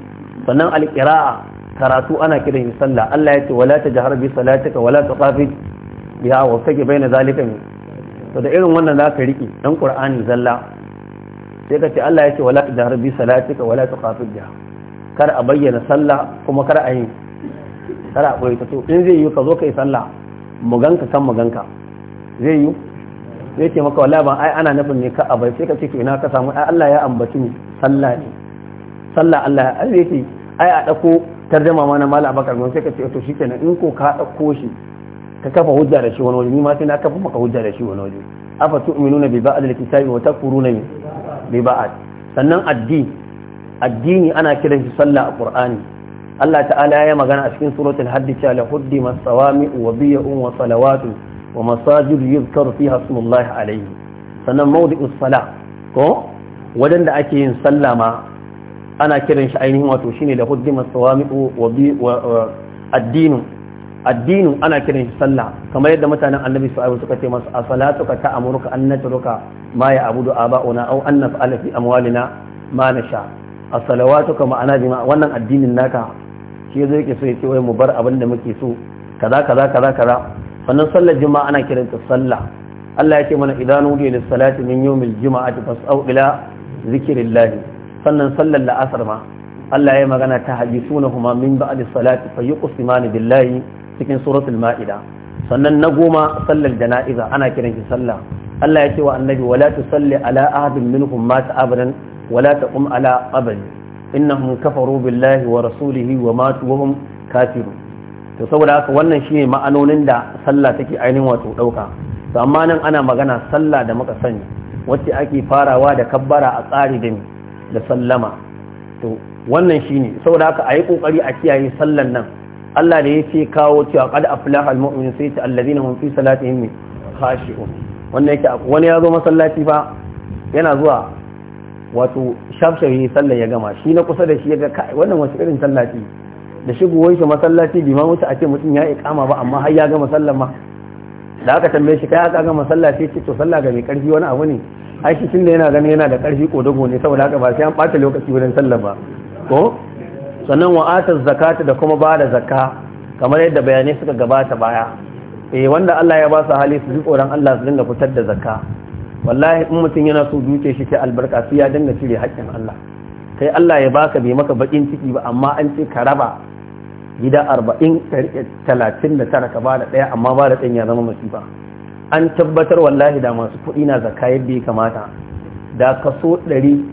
Speaker 1: sannan alqira'a karatu ana kiran shi sallah Allah ya ce wala tajhar bi salatika wala tuqafit biha wa saki baina zalika to da irin wannan zaka rike dan qur'ani zalla sai ka ce Allah ya ce wala tajhar bi salatika wala tuqafit biha kar a bayyana sallah kuma kar a yi kar a koyi to in zai yi ka zo kai sallah mu ganka kan mu ganka zai yi zai ce maka wallahi ban ai ana nufin ne ka'a bai sai ka ce to ina ka samu ai Allah ya ambaci sallah ne sallah Allah ya zai ce ai a dako tarjama ma na mallam Abakar gon sai ka ce to shikenan in ko ka dako shi ka kafa hujja da shi wani waje ni ma sai na kafa maka hujja da shi wani waje afa tu'minuna bi ba'd al-kitabi wa takfuruna bi ba'd sannan addini addini ana kiran shi sallah a Qur'ani Allah ta'ala ya magana a cikin suratul haddi cewa la huddimat sawami wa biya'un wa salawatu wa masajid yuzkaru fiha ismullahi alayhi sannan mawdi'us sala ko wadanda ake yin sallah ma ana kiran shi ainihin wato shine da huddima sawami'u wa addinu addinu ana kiran shi sallah kamar yadda mutanen annabi su'ayyu suka ce masa asalatuka ta'muruka an natruka ma ya abudu aba'una aw an naf'ala fi amwalina ma nasha as-salawatuka ma'ana jima wannan addinin naka shi zai so ya ce wai mu bar abin da muke so kaza kaza kaza kaza Sannan sallar juma'a ana kiranta sallah Allah ya ce mana idan nudiya da salati min yawmil juma'ati fas'au ila zikrillah sannan sallar la'asar ma Allah ya magana ta hadisunahuma min ba'di salati fayuqsimani billahi cikin suratul ma'ida sannan na goma sallar jana'iza ana kiran sallah Allah ya ce wa annabi wala tusalli ala ahadin minhum mata abadan wala taqum ala qabri innahum kafaru billahi wa rasulihi wa matu wa hum kafirun to saboda haka wannan shine ma'anonin da sallah take ainihin wato dauka to amma nan ana magana sallah da muka sani wacce ake farawa da kabbara a tsari da da sallama to wannan shine saboda haka ayi kokari a kiyaye sallan nan Allah da yake kawo cewa qad aflaha almu'minun sai ta alladhina hum fi salatihim khashi'un wannan yake wani yazo masallaci fa yana zuwa wato shafshafi sallan ya gama shi na kusa da shi ya ga wannan wasu irin sallaci da shigowar shi masallaci bi ma mutu a ce mutum ya ikama ba amma har ya ga masallama da aka tambaye shi kai aka ga masallaci ce to sallah ga mai karfi wani abu ne ai shi tunda yana ganin yana da karfi dogo ne saboda haka ba sai an bata lokaci wurin sallah ba ko sannan wa ata zakata da kuma ba da zakka kamar yadda bayanai suka gabata baya eh wanda Allah ya ba su hali su ji tsoron Allah su dinga fitar da zakka wallahi in mutum yana so duke shi sai albarka su ya dinga cire haƙƙin Allah kai Allah ya baka bai maka bakin ciki ba amma an ce ka raba gida arba'in talatin da tara ka bada ɗaya amma bada ɗayan ya zama masifa an tabbatar wallahi da masu kuɗi na zaka yadda ya kamata da kaso ɗari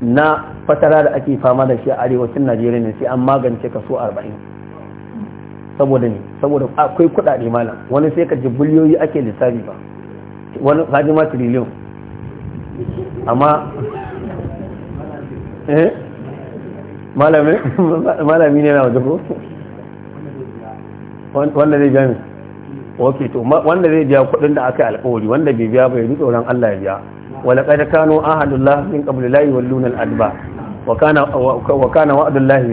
Speaker 1: na fatara da ake fama da shi a arewacin najeriya ne sai an magance kaso arba'in saboda ne saboda akwai kuɗaɗe malam wani sai ka ji biliyoyi ake lissafi ba wani kaji ma tiriliyon
Speaker 3: amma eh?
Speaker 1: malami ne na wajen ko wanda zai biya ok to wanda zai biya kudin da aka yi alkawari wanda bai biya bai rutsa ran Allah ya biya wala kano an ahadullah min qabli la wa lunar adba wa kana wa kana wa'dullah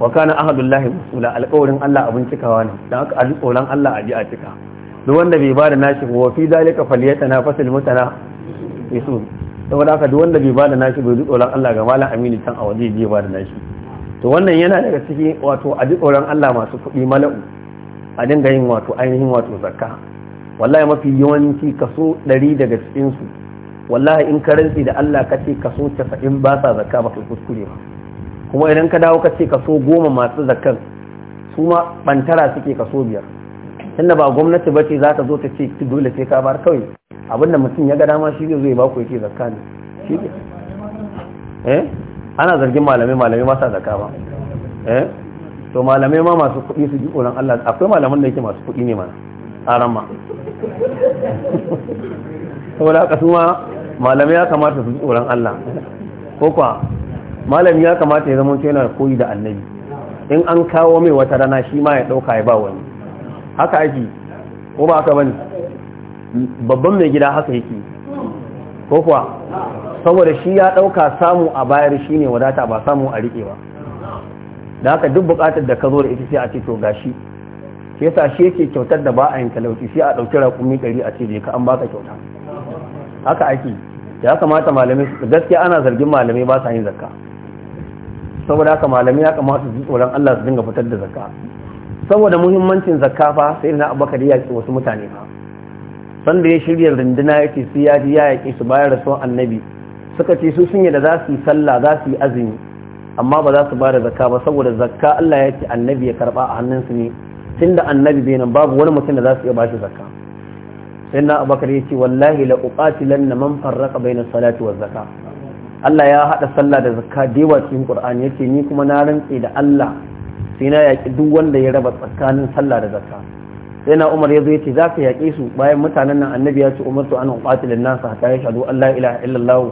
Speaker 1: wa kana lahi masula alkawarin Allah abin cikawa ne aka haka tsoron Allah a ji a cika duk wanda bai ba da nashi ba fi dalika na fasil mutana yasu saboda haka duk wanda bai ba da nashi bai rutsa ran Allah ga malam amini can a waje bai da nashi to wannan yana daga ciki wato a ji tsoron Allah masu kuɗi mala'u a dinga yin wato ainihin wato zakka wallahi mafi yawanci kaso ɗari daga cikin su wallahi in ka rantsi da Allah ka ce kaso casa'in ba sa zakka ba kai kuskure ba kuma idan ka dawo ka ce kaso goma masu zakkan su ma bantara suke kaso biyar tunda ba gwamnati ba ce za ta zo ta ce dole sai ka bar kawai abinda mutum ya ga dama shi zai zo ya ba ku yake zakka ne shi eh ana zargin malamai malamai masu zaka ba eh to malamai ma masu kuɗi su ji tsoron Allah akwai malaman da yake masu kuɗi ne mana aran ma saboda haka su ma malamai ya kamata su ji tsoron Allah ko kuwa malami ya kamata ya zama yana koyi da annabi in an kawo mai wata rana shi ma ya ɗauka ya ba wani haka ake ko ba haka bane babban mai gida haka yake ko kuwa saboda shi ya ɗauka samu a bayar shi ne wadata ba samu a riƙe ba da haka duk buƙatar da ka zo da ita sai a ce to gashi shi yasa shi yake kyautar da ba a yin talauci sai a ɗauki raƙumi ɗari a ce je ka an baka kyauta haka ake ya kamata malamai gaskiya ana zargin malamai ba sa yin zakka saboda haka malamai ya kamata su tsoron Allah su dinga fitar da zakka saboda muhimmancin zakka fa sai na abubakar ya ki wasu mutane fa sanda ya shirya ya ce sai ya ji ya yaƙi su bayar da son annabi suka ce su sun yi da za su yi sallah za su yi azumi amma ba za su ba da zakka ba saboda zakka Allah ya ce annabi ya karba a hannunsu ne tunda annabi bai nan babu wani mutum da za su iya bashi zakka sai na abakar ya ce wallahi la na man farraqa bayna salati wa zakka Allah ya hada sallah da zakka da yawa cikin Qur'ani yace ni kuma na rantse da Allah sai na yaki duk wanda ya raba tsakanin sallah da zakka sai na Umar ya zo yace za ka yaƙe su bayan mutanen nan annabi ya ce umartu an uqatilan nas hatta yashhadu an la ilaha illallah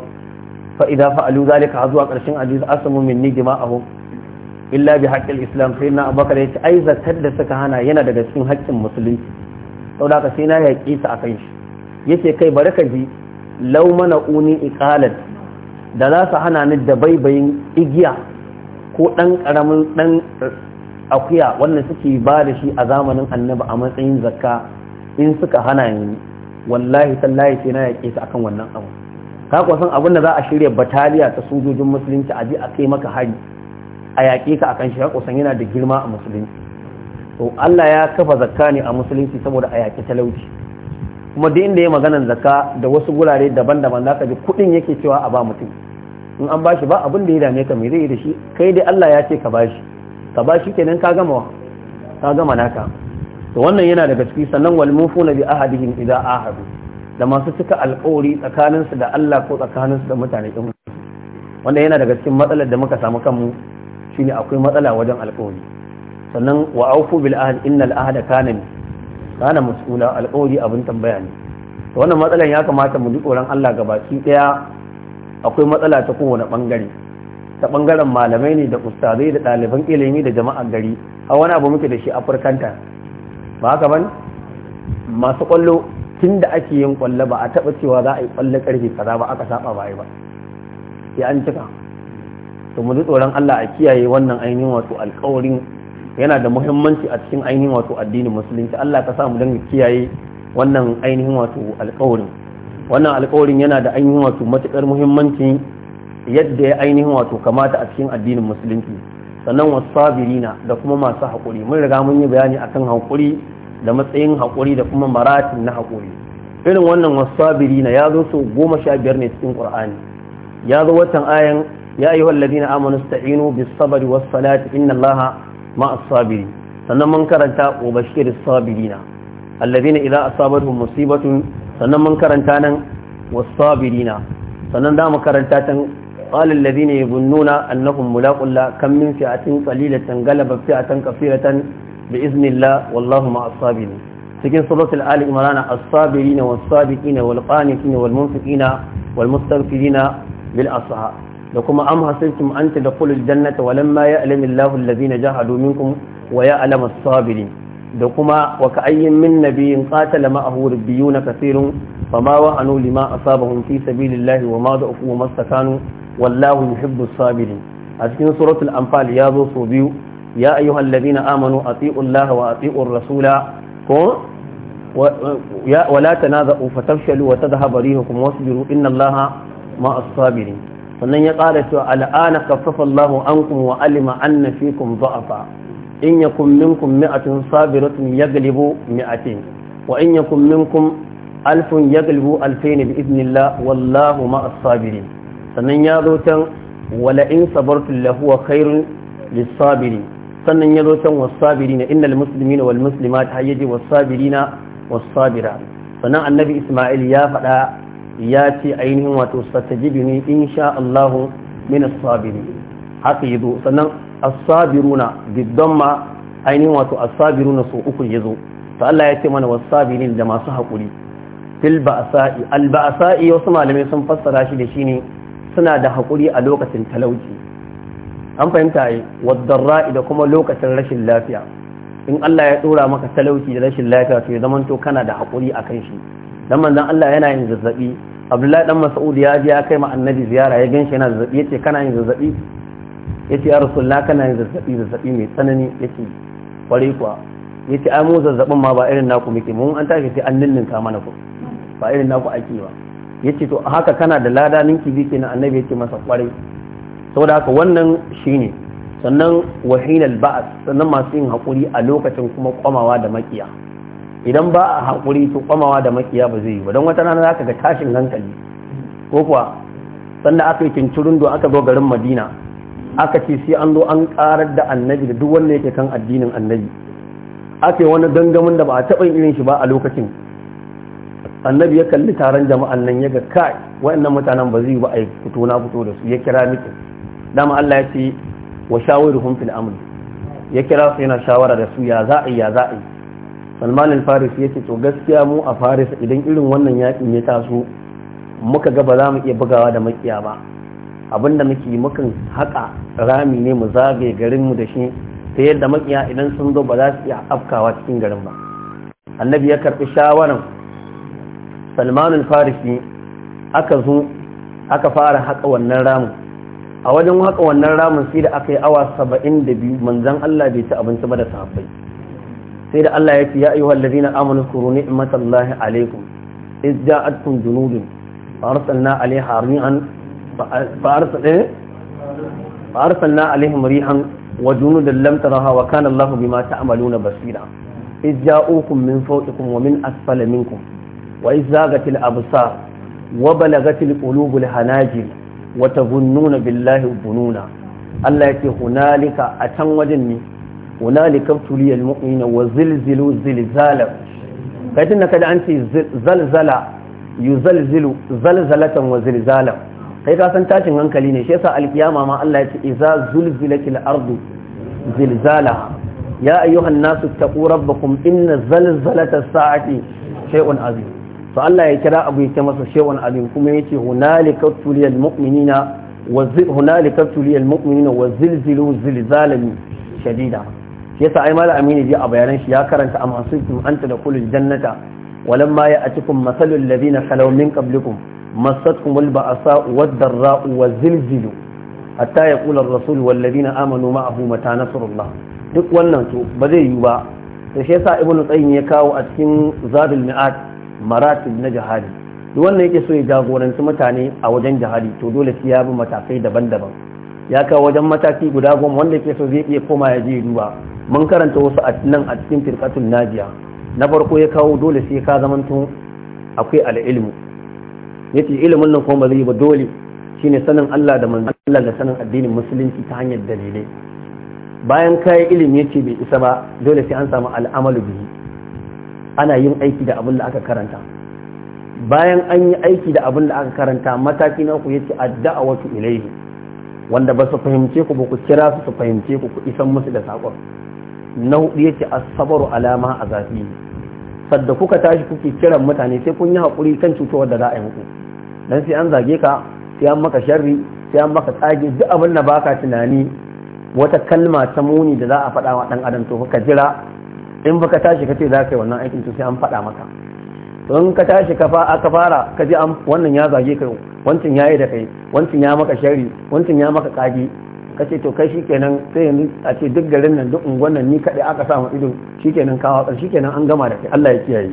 Speaker 1: fa idza fa'alu zalika hazuwa karshen ajiz asamu minni dima'ahum illa bi haqqil islam sai na abakar yace ai zakkar da suka hana yana daga cikin haƙƙin musulunci saboda ka sai na yaƙi ta akan shi yace kai bari ka ji law mana uni da za su hana ni da baibayin igiya ko dan karamin ɗan akuya wannan suke ba da shi a zamanin annabi a matsayin zakka in suka hana ni wallahi tallahi sai na yaƙe akan wannan abu ka kusan abin da za a shirya bataliya ta sojojin musulunci a ji a kai maka hari a yaƙe ka a kan shi ka kusan yana da girma a musulunci to Allah ya kafa zakka ne a musulunci saboda a yaƙi talauci kuma duk inda ya maganan zakka da wasu gurare daban-daban za ka ji kuɗin yake cewa a ba mutum in an bashi ba abin da ya dame ka me zai yi da shi kai dai Allah ya ce ka bashi ka bashi kenan ka gama ka gama naka to wannan yana daga ciki sannan walmufuna bi ahadihim idza ahadu da masu cika alƙawari tsakaninsu da Allah ko tsakaninsu da mutane ɗin wanda yana daga cikin matsalar da muka samu kanmu shine akwai matsala wajen alƙawari sannan wa aufu bil ahd innal ahda kana kana mas'ula alƙawari abin tambaya ne wannan matsalar ya kamata mu ji tsoron Allah gabaki daya akwai matsala ta kowane bangare ta bangaren malamai ne da ustazai da ɗaliban ilimi da jama'a gari a wani abu muke da shi afirkanta ba haka ban masu kwallo tun da ake yin kwallo ba a taba cewa za a yi kwallo karfe kaza ba aka saba ba ba sai an cika to mu tsoron Allah a kiyaye wannan ainihin wato alƙawarin yana da muhimmanci a cikin ainihin wato addinin musulunci Allah ka sa mu dinga kiyaye wannan ainihin wato alƙawarin wannan alƙawarin yana da ainihin wato matuƙar muhimmanci yadda ya ainihin wato kamata a cikin addinin musulunci sannan wasu wasabirina da kuma masu haƙuri mun riga mun yi bayani akan haƙuri da matsayin haƙuri da kuma maratin na haƙuri irin wannan wasabiri na ya zo sau goma sha biyar ne cikin ƙur'ani ya zo watan ayan ya yi ayyuhal ladina amanu sta'inu bis sabri was salati inna allaha ma'as sabiri sannan mun karanta wa bashiris sabirina alladina idza asabatuhum musibatun sannan mun karanta nan was sabirina sannan da mu karanta tan قال الذين يظنون أنهم ملاقوا الله كم من فئة قليلة غلبت فئة كثيرة bi iznillah wallahu ma asabirin cikin suratul ali imrana as-sabirin was-sabiqin wal-qanitin wal-munfiqin wal-mustaghfirin bil asha da kuma am hasaytum an tadkhulul jannata walamma ya'lamu Allahu alladhina jahadu minkum wa ya'lamu as-sabirin da kuma wa ka'ayyin min nabiyyin qatala ma'ahu rabbiyuna kaseerun fama wahanu lima asabahum fi sabilillahi wa ma da'u wa mastakanu wallahu yuhibbu as-sabirin a cikin suratul anfal ya zo so biyu ya ayyuhal na amanu ati'u Allah wa ati'u rasula ko ya wala tanaza'u fatafshalu wa tadhhabu rihukum wasbiru sannan ya ƙara cewa al'ana kaffafa an kuma wa alima anna fikum dha'afa in yakum minkum mi'atun sabiratun yaglibu mi'atin wa in yakum minkum alfun yaglibu alfayn bi idnillah wallahu ma'as sabirin sannan ya zo tan wala in sabartum lahu khairun lis sannan ya zo can wasabirina innal muslimina wal muslimat har yaje wasabirina wasabira sannan annabi isma'il ya faɗa ya ce ainihin wato satajibini insha Allah min as-sabiri haka yazo sannan as-sabiruna bidamma ainihin wato as-sabiruna su uku yazo to Allah ya ce mana wasabirin da masu hakuri fil ba'sa'i al ba'sa'i wasu malamai sun fassara shi da shine suna da hakuri a lokacin talauci an fahimta yi waddarra'i da kuma lokacin rashin lafiya in Allah ya dora maka talauci da rashin lafiya to ya zamanto kana da haƙuri a kan shi dan manzon Allah yana yin zazzabi Abdullahi dan Mas'ud ya je ya kai ma annabi ziyara ya ganshi yana zazzabi yace kana yin zazzabi yace ya rasulullah kana yin zazzabi zazzabi mai tsanani yace kwarai kuwa yace ai mu zazzabin ma ba irin naku muke mun an tashi sai an ninninka mana ku ba irin naku ake ba yace to haka kana da lada ninki bi kenan annabi yace masa kwarai saboda haka wannan ne sannan wahinal ba'as sannan masu yin haƙuri a lokacin kuma kwamawa da makiya idan ba a haƙuri to kwamawa da makiya ba zai yi ba don wata rana zaka ga tashin hankali ko kuwa sannan aka yi tunturin don aka zo garin madina aka ce sai an zo an karar da annabi da duk wanda yake kan addinin annabi aka yi wani gangamin da ba a taɓa irin shi ba a lokacin annabi ya kalli taron jama'an nan ya ga kai wa'annan mutanen ba zai yi ba a yi fito na fito da su ya kira mutum dama Allah ya ce wa hun fil amr ya kira su yana shawara da su ya za'i ya za'i Salman al-Faris ya ce to gaskiya mu a Faris idan irin wannan yakin ya taso muka ga ba za mu iya bugawa da makiya ba abinda muke mukan haƙa rami ne mu zagaye garin mu da shi ta yadda makiya idan sun zo ba za su iya afkawa cikin garin ba annabi ya karɓi shawaran Salman al faris aka zo aka fara haƙa wannan ramin a wajen waka wannan ramin sai da aka yi awa saba'in da biyu manzan Allah bai ci abinci ba da sahabbai sai da Allah ya ce ya ayyuhal ladina amanu kuru ni'matallahi alaikum iz ja'atkum junudun fa arsalna alaiha rihan fa arsalna eh? fa arsalna alaihim rihan wa junudan lam taraha wa kana Allahu bima ta'maluna basira iz ja'ukum min fawqikum wa min asfala minkum wa iz zagatil absar wa balagatil qulubul hanajir Wata tazunnuna billahi bununa Allah ce hunalika a can wajen ne hunalika tuliyal mu'mina wa zilzilu zilzala kai tunda kada an ce zalzala yuzalzilu zalzalatan wa zilzala kai ka san tashin hankali ne shi yasa alkiyama ma Allah yake iza zulzilatil ardu zilzala ya ayyuhan nasu taqu rabbakum inna zalzalata sa'ati shay'un azim to Allah ya kira abu yake masa shewan alim kuma ya ce tuliyal mu'minina wa hunalika tuliyal wa zilzilu zilzalan shadida yasa ai mala Aminu ji a bayanan shi ya karanta am hasibtum anta dakhulul a cikin ya'atikum masalul ladina khalaw min qablikum masatkum alba'sa wad-dharra'u waz-zilzilu hatta yaqula ar-rasul wal ladina amanu ma'ahu mata duk wannan to ba zai yiwu ba to shi yasa ibnu qayyim ya kawo a cikin zadul mi'at maratib na jihadi duk wanda yake so ya jagoranci mutane a wajen jihadi to dole sai ya bi matakai daban-daban ya kawo wajen mataki guda goma wanda yake so zai iya koma ya je duba mun karanta wasu a nan a cikin firkatun najiya na farko ya kawo dole sai ka zamanto akwai al'ilmu yace ilimin nan kuma ba zai ba dole shine sanin Allah da manzon Allah da sanin addinin musulunci ta hanyar dalilai bayan kayi ilimi ce bai isa ba dole sai an samu al'amalu bihi ana yin aiki da abin da aka karanta bayan an yi aiki da abin da aka karanta mataki na ku yace addu'a wasu ilaihi wanda ba su fahimce ku ba ku kira su su fahimce ku ku isan musu da sakon na hudu yace as-sabru ma zafi. sadda kuka tashi kuke kiran mutane sai kun yi hakuri kan cutuwar da za a yi muku dan sai an zage ka sai an maka sharri sai an maka tsage duk abin da baka tunani wata kalma ta muni da za a faɗa wa ɗan adam to ka jira in ba ka tashi ka ce za ka yi wannan aikin to sai an faɗa maka in ka tashi ka fara ka ji wannan ya zage ka wancin ya yi da kai wancin ya maka shari wancin ya maka kagi ka ce to kai shikenan sai yanzu a ce duk garin nan duk unguwan nan ni kaɗai aka sa ma ido shikenan kawo ƙarshe kenan an gama da kai Allah ya kiyaye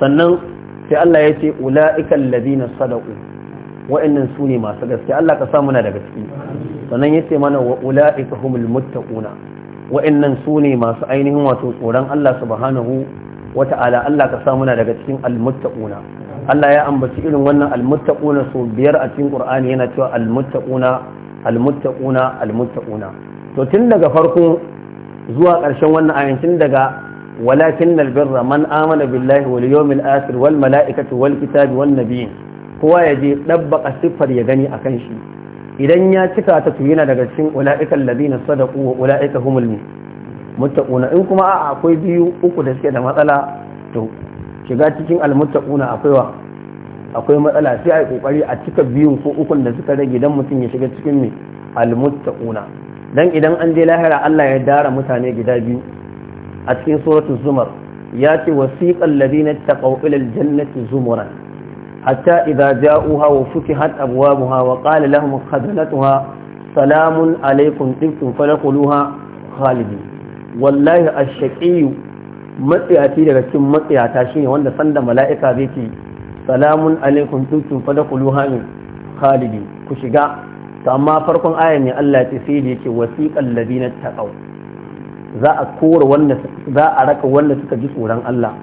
Speaker 1: sannan sai Allah ya ce ula'ikal ladina sadaqu wa'annan su ne masu gaske Allah ka sa muna da gaske sannan ya ce mana wa ula'ika humul muttaquna wa'annan su ne masu ainihin wato tsoron Allah subhanahu wata'ala Allah ka samuna daga cikin almuttaquna Allah ya ambaci irin wannan almuttaquna su biyar a cikin Qur'ani yana cewa almuttaquna almuttaquna almuttaquna to tun daga farko zuwa ƙarshen wannan ayin tun daga walakin albirra man amana billahi wal yawmil akhir wal mala'ikati wal kitabi wan nabiyyin kowa ya je dabbaka siffar ya gani akan shi idan ya cika ta to yana daga cikin ula'ikal ladina sadaqu wa ula'ika humul muttaquna in kuma a akwai biyu uku da suke da matsala to shiga cikin almuttaquna akwai wa akwai matsala sai ai kokari a cika biyun ko ukun da suka rage dan mutum ya shiga cikin me almuttaquna dan idan an je lahira Allah ya dara mutane gida biyu a cikin suratul zumar ya ce wasiqal ladina taqaw ila aljannati zumuran حتى إذا جاءوها وفتحت أبوابها وقال لهم خزنتها سلام عليكم طبتم فدخلوها خالدين والله الشقي matsiyaci daga cikin matsiyata shine wanda sanda mala'ika zai ce salamun alaikum tuntun fa dakulu hamin khalidi ku shiga to amma farkon ayar ne Allah ya tafi da yake wasiqal ladina taqaw za a kora wanda za a raka wanda suka ji tsoron Allah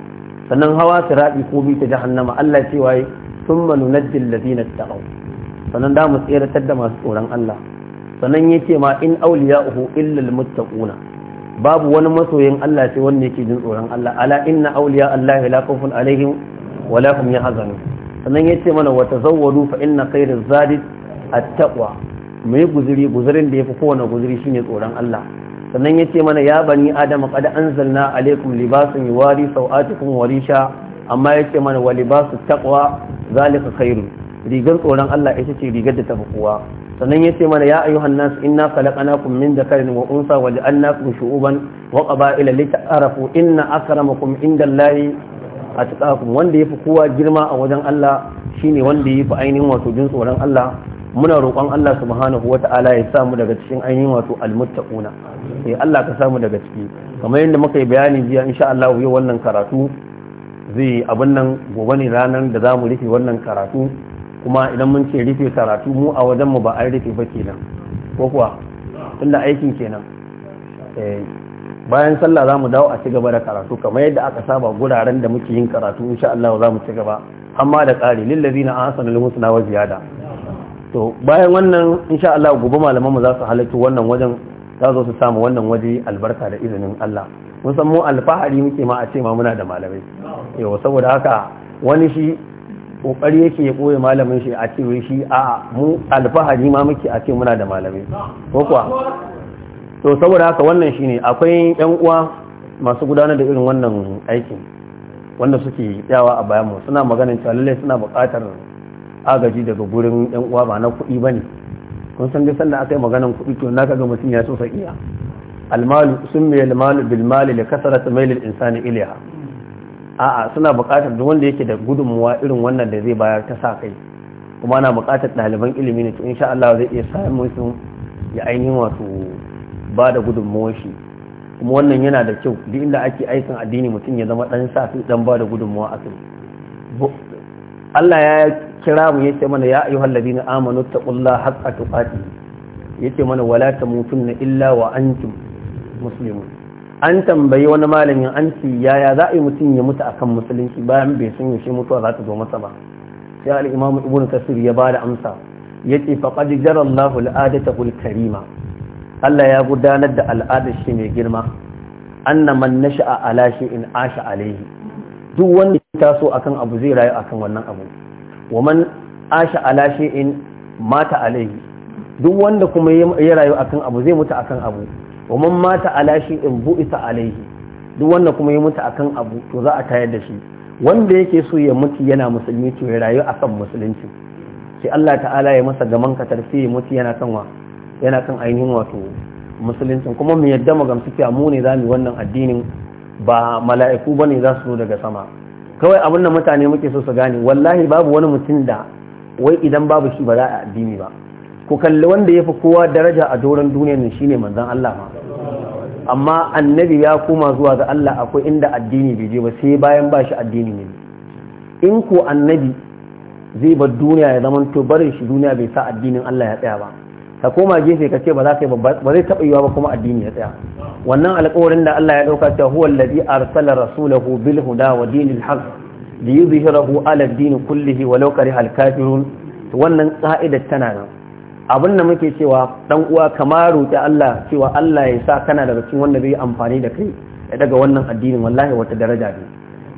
Speaker 1: sannan hawa sirati ko bi ta jahannama Allah ce waye sun nunajji alladhina taqaw sannan da mu tsiratar da masu tsoron Allah sannan ce ma in awliya'uhu illa almuttaquna babu wani masoyin Allah sai wanda yake jin tsoron Allah ala inna awliya Allah la khawfun alaihim wa la hum yahzanun sannan ce mana wa tazawwadu fa inna khayra zadi at-taqwa mu yi guzuri guzurin da yafi kowane guzuri shine tsoron Allah sannan ce mana ya bani adama qad anzalna alaikum libasan yuwari sawatikum wa risha amma ya ce mana wali ba su takwa zalika khairu rigar tsoron Allah ita ce rigar da tafi kuwa sannan ya ce mana ya ayyuhan nas inna khalaqnakum min dhakarin wa unsa wa ja'alnakum shu'uban wa qaba'ila lita'arafu inna akramakum indallahi atqakum wanda yafi kuwa girma a wajen Allah shine wanda yafi ainihin wato jin tsoron Allah muna roƙon Allah subhanahu wata'ala ya samu daga cikin ainihin wato almuttaquna sai eh, Allah ka samu daga ciki kamar yadda muka yi bayani jiya insha Allah yau wannan karatu zai yi abin nan gobe ne ranar da za mu rufe wannan karatu kuma idan mun ce rufe karatu mu a wajen mu ba an rufe ba kenan ko kuwa tunda aikin kenan eh, bayan sallah za mu dawo a ci gaba da karatu kamar yadda aka saba guraren da muke yin karatu insha Allah za mu ci gaba amma da ƙari lillazina ahsanul husna wa ziyada to bayan wannan insha Allah gobe malaman mu za su halarci wannan wajen za su samu wannan waje albarka da izinin Allah mun san mu alfahari muke ma a ce ma muna da malamai yau saboda haka wani shi kokari yake ya koye malamin shi a cewa shi a mu alfahari ma muke a ce muna da malamai ko kuwa to saboda haka wannan shi ne akwai yan uwa masu gudanar da irin wannan aikin wanda suke yawa a bayan mu suna maganin cewa lallai suna buƙatar agaji daga gurin yan uwa ba na kuɗi bane kun san dai sanda aka yi maganan kuɗi to na kaga mutum ya so sa iya almalu sun المال بالمال bilmali da kasarata mailin insani iliya a'a suna buƙatar duk wanda yake da gudunmuwa irin wannan da zai bayar ta sa kai kuma ana buƙatar ɗaliban ilimi ne to insha Allah zai iya samun su ya ainihin wato ba da gudunmuwar shi kuma wannan yana da kyau duk inda ake aikin addini mutum ya zama ɗan sa dan ba da gudunmuwa a kai Allah ya kira mu yace mana ya ayyuhal ladina amanu taqullaha haqqa tuqatih yace mana wala tamutunna illa wa antum muslimun an tambayi wani malamin an ce yaya za a yi mutum ya mutu akan musulunci bayan bai sun yaushe mutuwa za ta zo masa ba sai al-imamu ibnu kasir ya bada amsa yace faqad jara Allahu al-adatahu al-karima Allah ya gudanar da al'adar shi mai girma anna man nasha'a ala shay'in asha alayhi duk wanda ya taso akan abu zai rayu akan wannan abu wa man asha ala shay'in mata alayhi duk wanda kuma ya rayu akan abu zai mutu akan abu wa man mata ala in bu'isa alaihi duk wanda kuma ya mutu akan abu to za a tayar da shi wanda yake so ya mutu yana musulmi to ya rayu akan musulunci sai Allah ta'ala ya masa gaman katar sai ya mutu yana kan wa yana kan ainihin wato musulunci kuma mu yadda mu gamsu mu ne za mu wannan addinin ba mala'iku bane za su zo daga sama kawai abin da mutane muke so su gane wallahi babu wani mutum da wai idan babu shi ba za a addini ba ku kalli wanda ya fi kowa daraja a doron duniya ne shine manzan Allah ma amma annabi ya koma zuwa ga Allah akwai inda addini bai je ba sai bayan ba shi addini ne in ko annabi zai bar duniya ya zama to barin shi duniya bai sa addinin Allah ya tsaya ba ka koma gefe ka ce ba za ka ba zai taɓa yiwa ba kuma addini ya tsaya wannan alƙawarin da Allah ya ɗauka ta huwa alladhi arsala rasulahu bil huda wa dinil haqq li yuzhirahu ala ad-din kullihi walau kariha al-kafirun wannan ka'idar tana nan abin da muke cewa dan uwa kama roƙi Allah cewa Allah ya sa kana daga cikin wanda zai amfani da kai daga wannan addinin wallahi wata daraja ne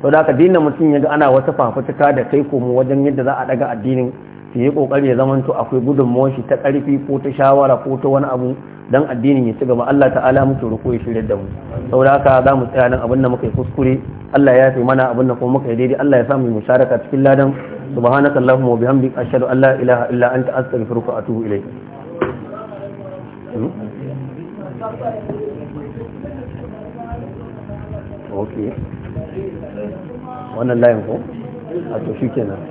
Speaker 1: to da ka dinna mutum yaga ana wata fafutuka da kai komo wajen yadda za a daga addinin sai ya kokari ya zamanto akwai gudunmawar shi ta karfi ko ta shawara ko ta wani abu dan addinin ya ci gaba Allah ta'ala muke roƙo ya shirya da mu saboda haka za mu tsaya nan abinda da muka yi kuskure Allah ya fi mana abinda kuma muka yi daidai Allah ya sa mu musharaka cikin ladan subhanaka allahumma wa bihamdika ashhadu an la ilaha illa anta astaghfiruka wa atubu ilayk hmm? okay wannan layin ko a to kenan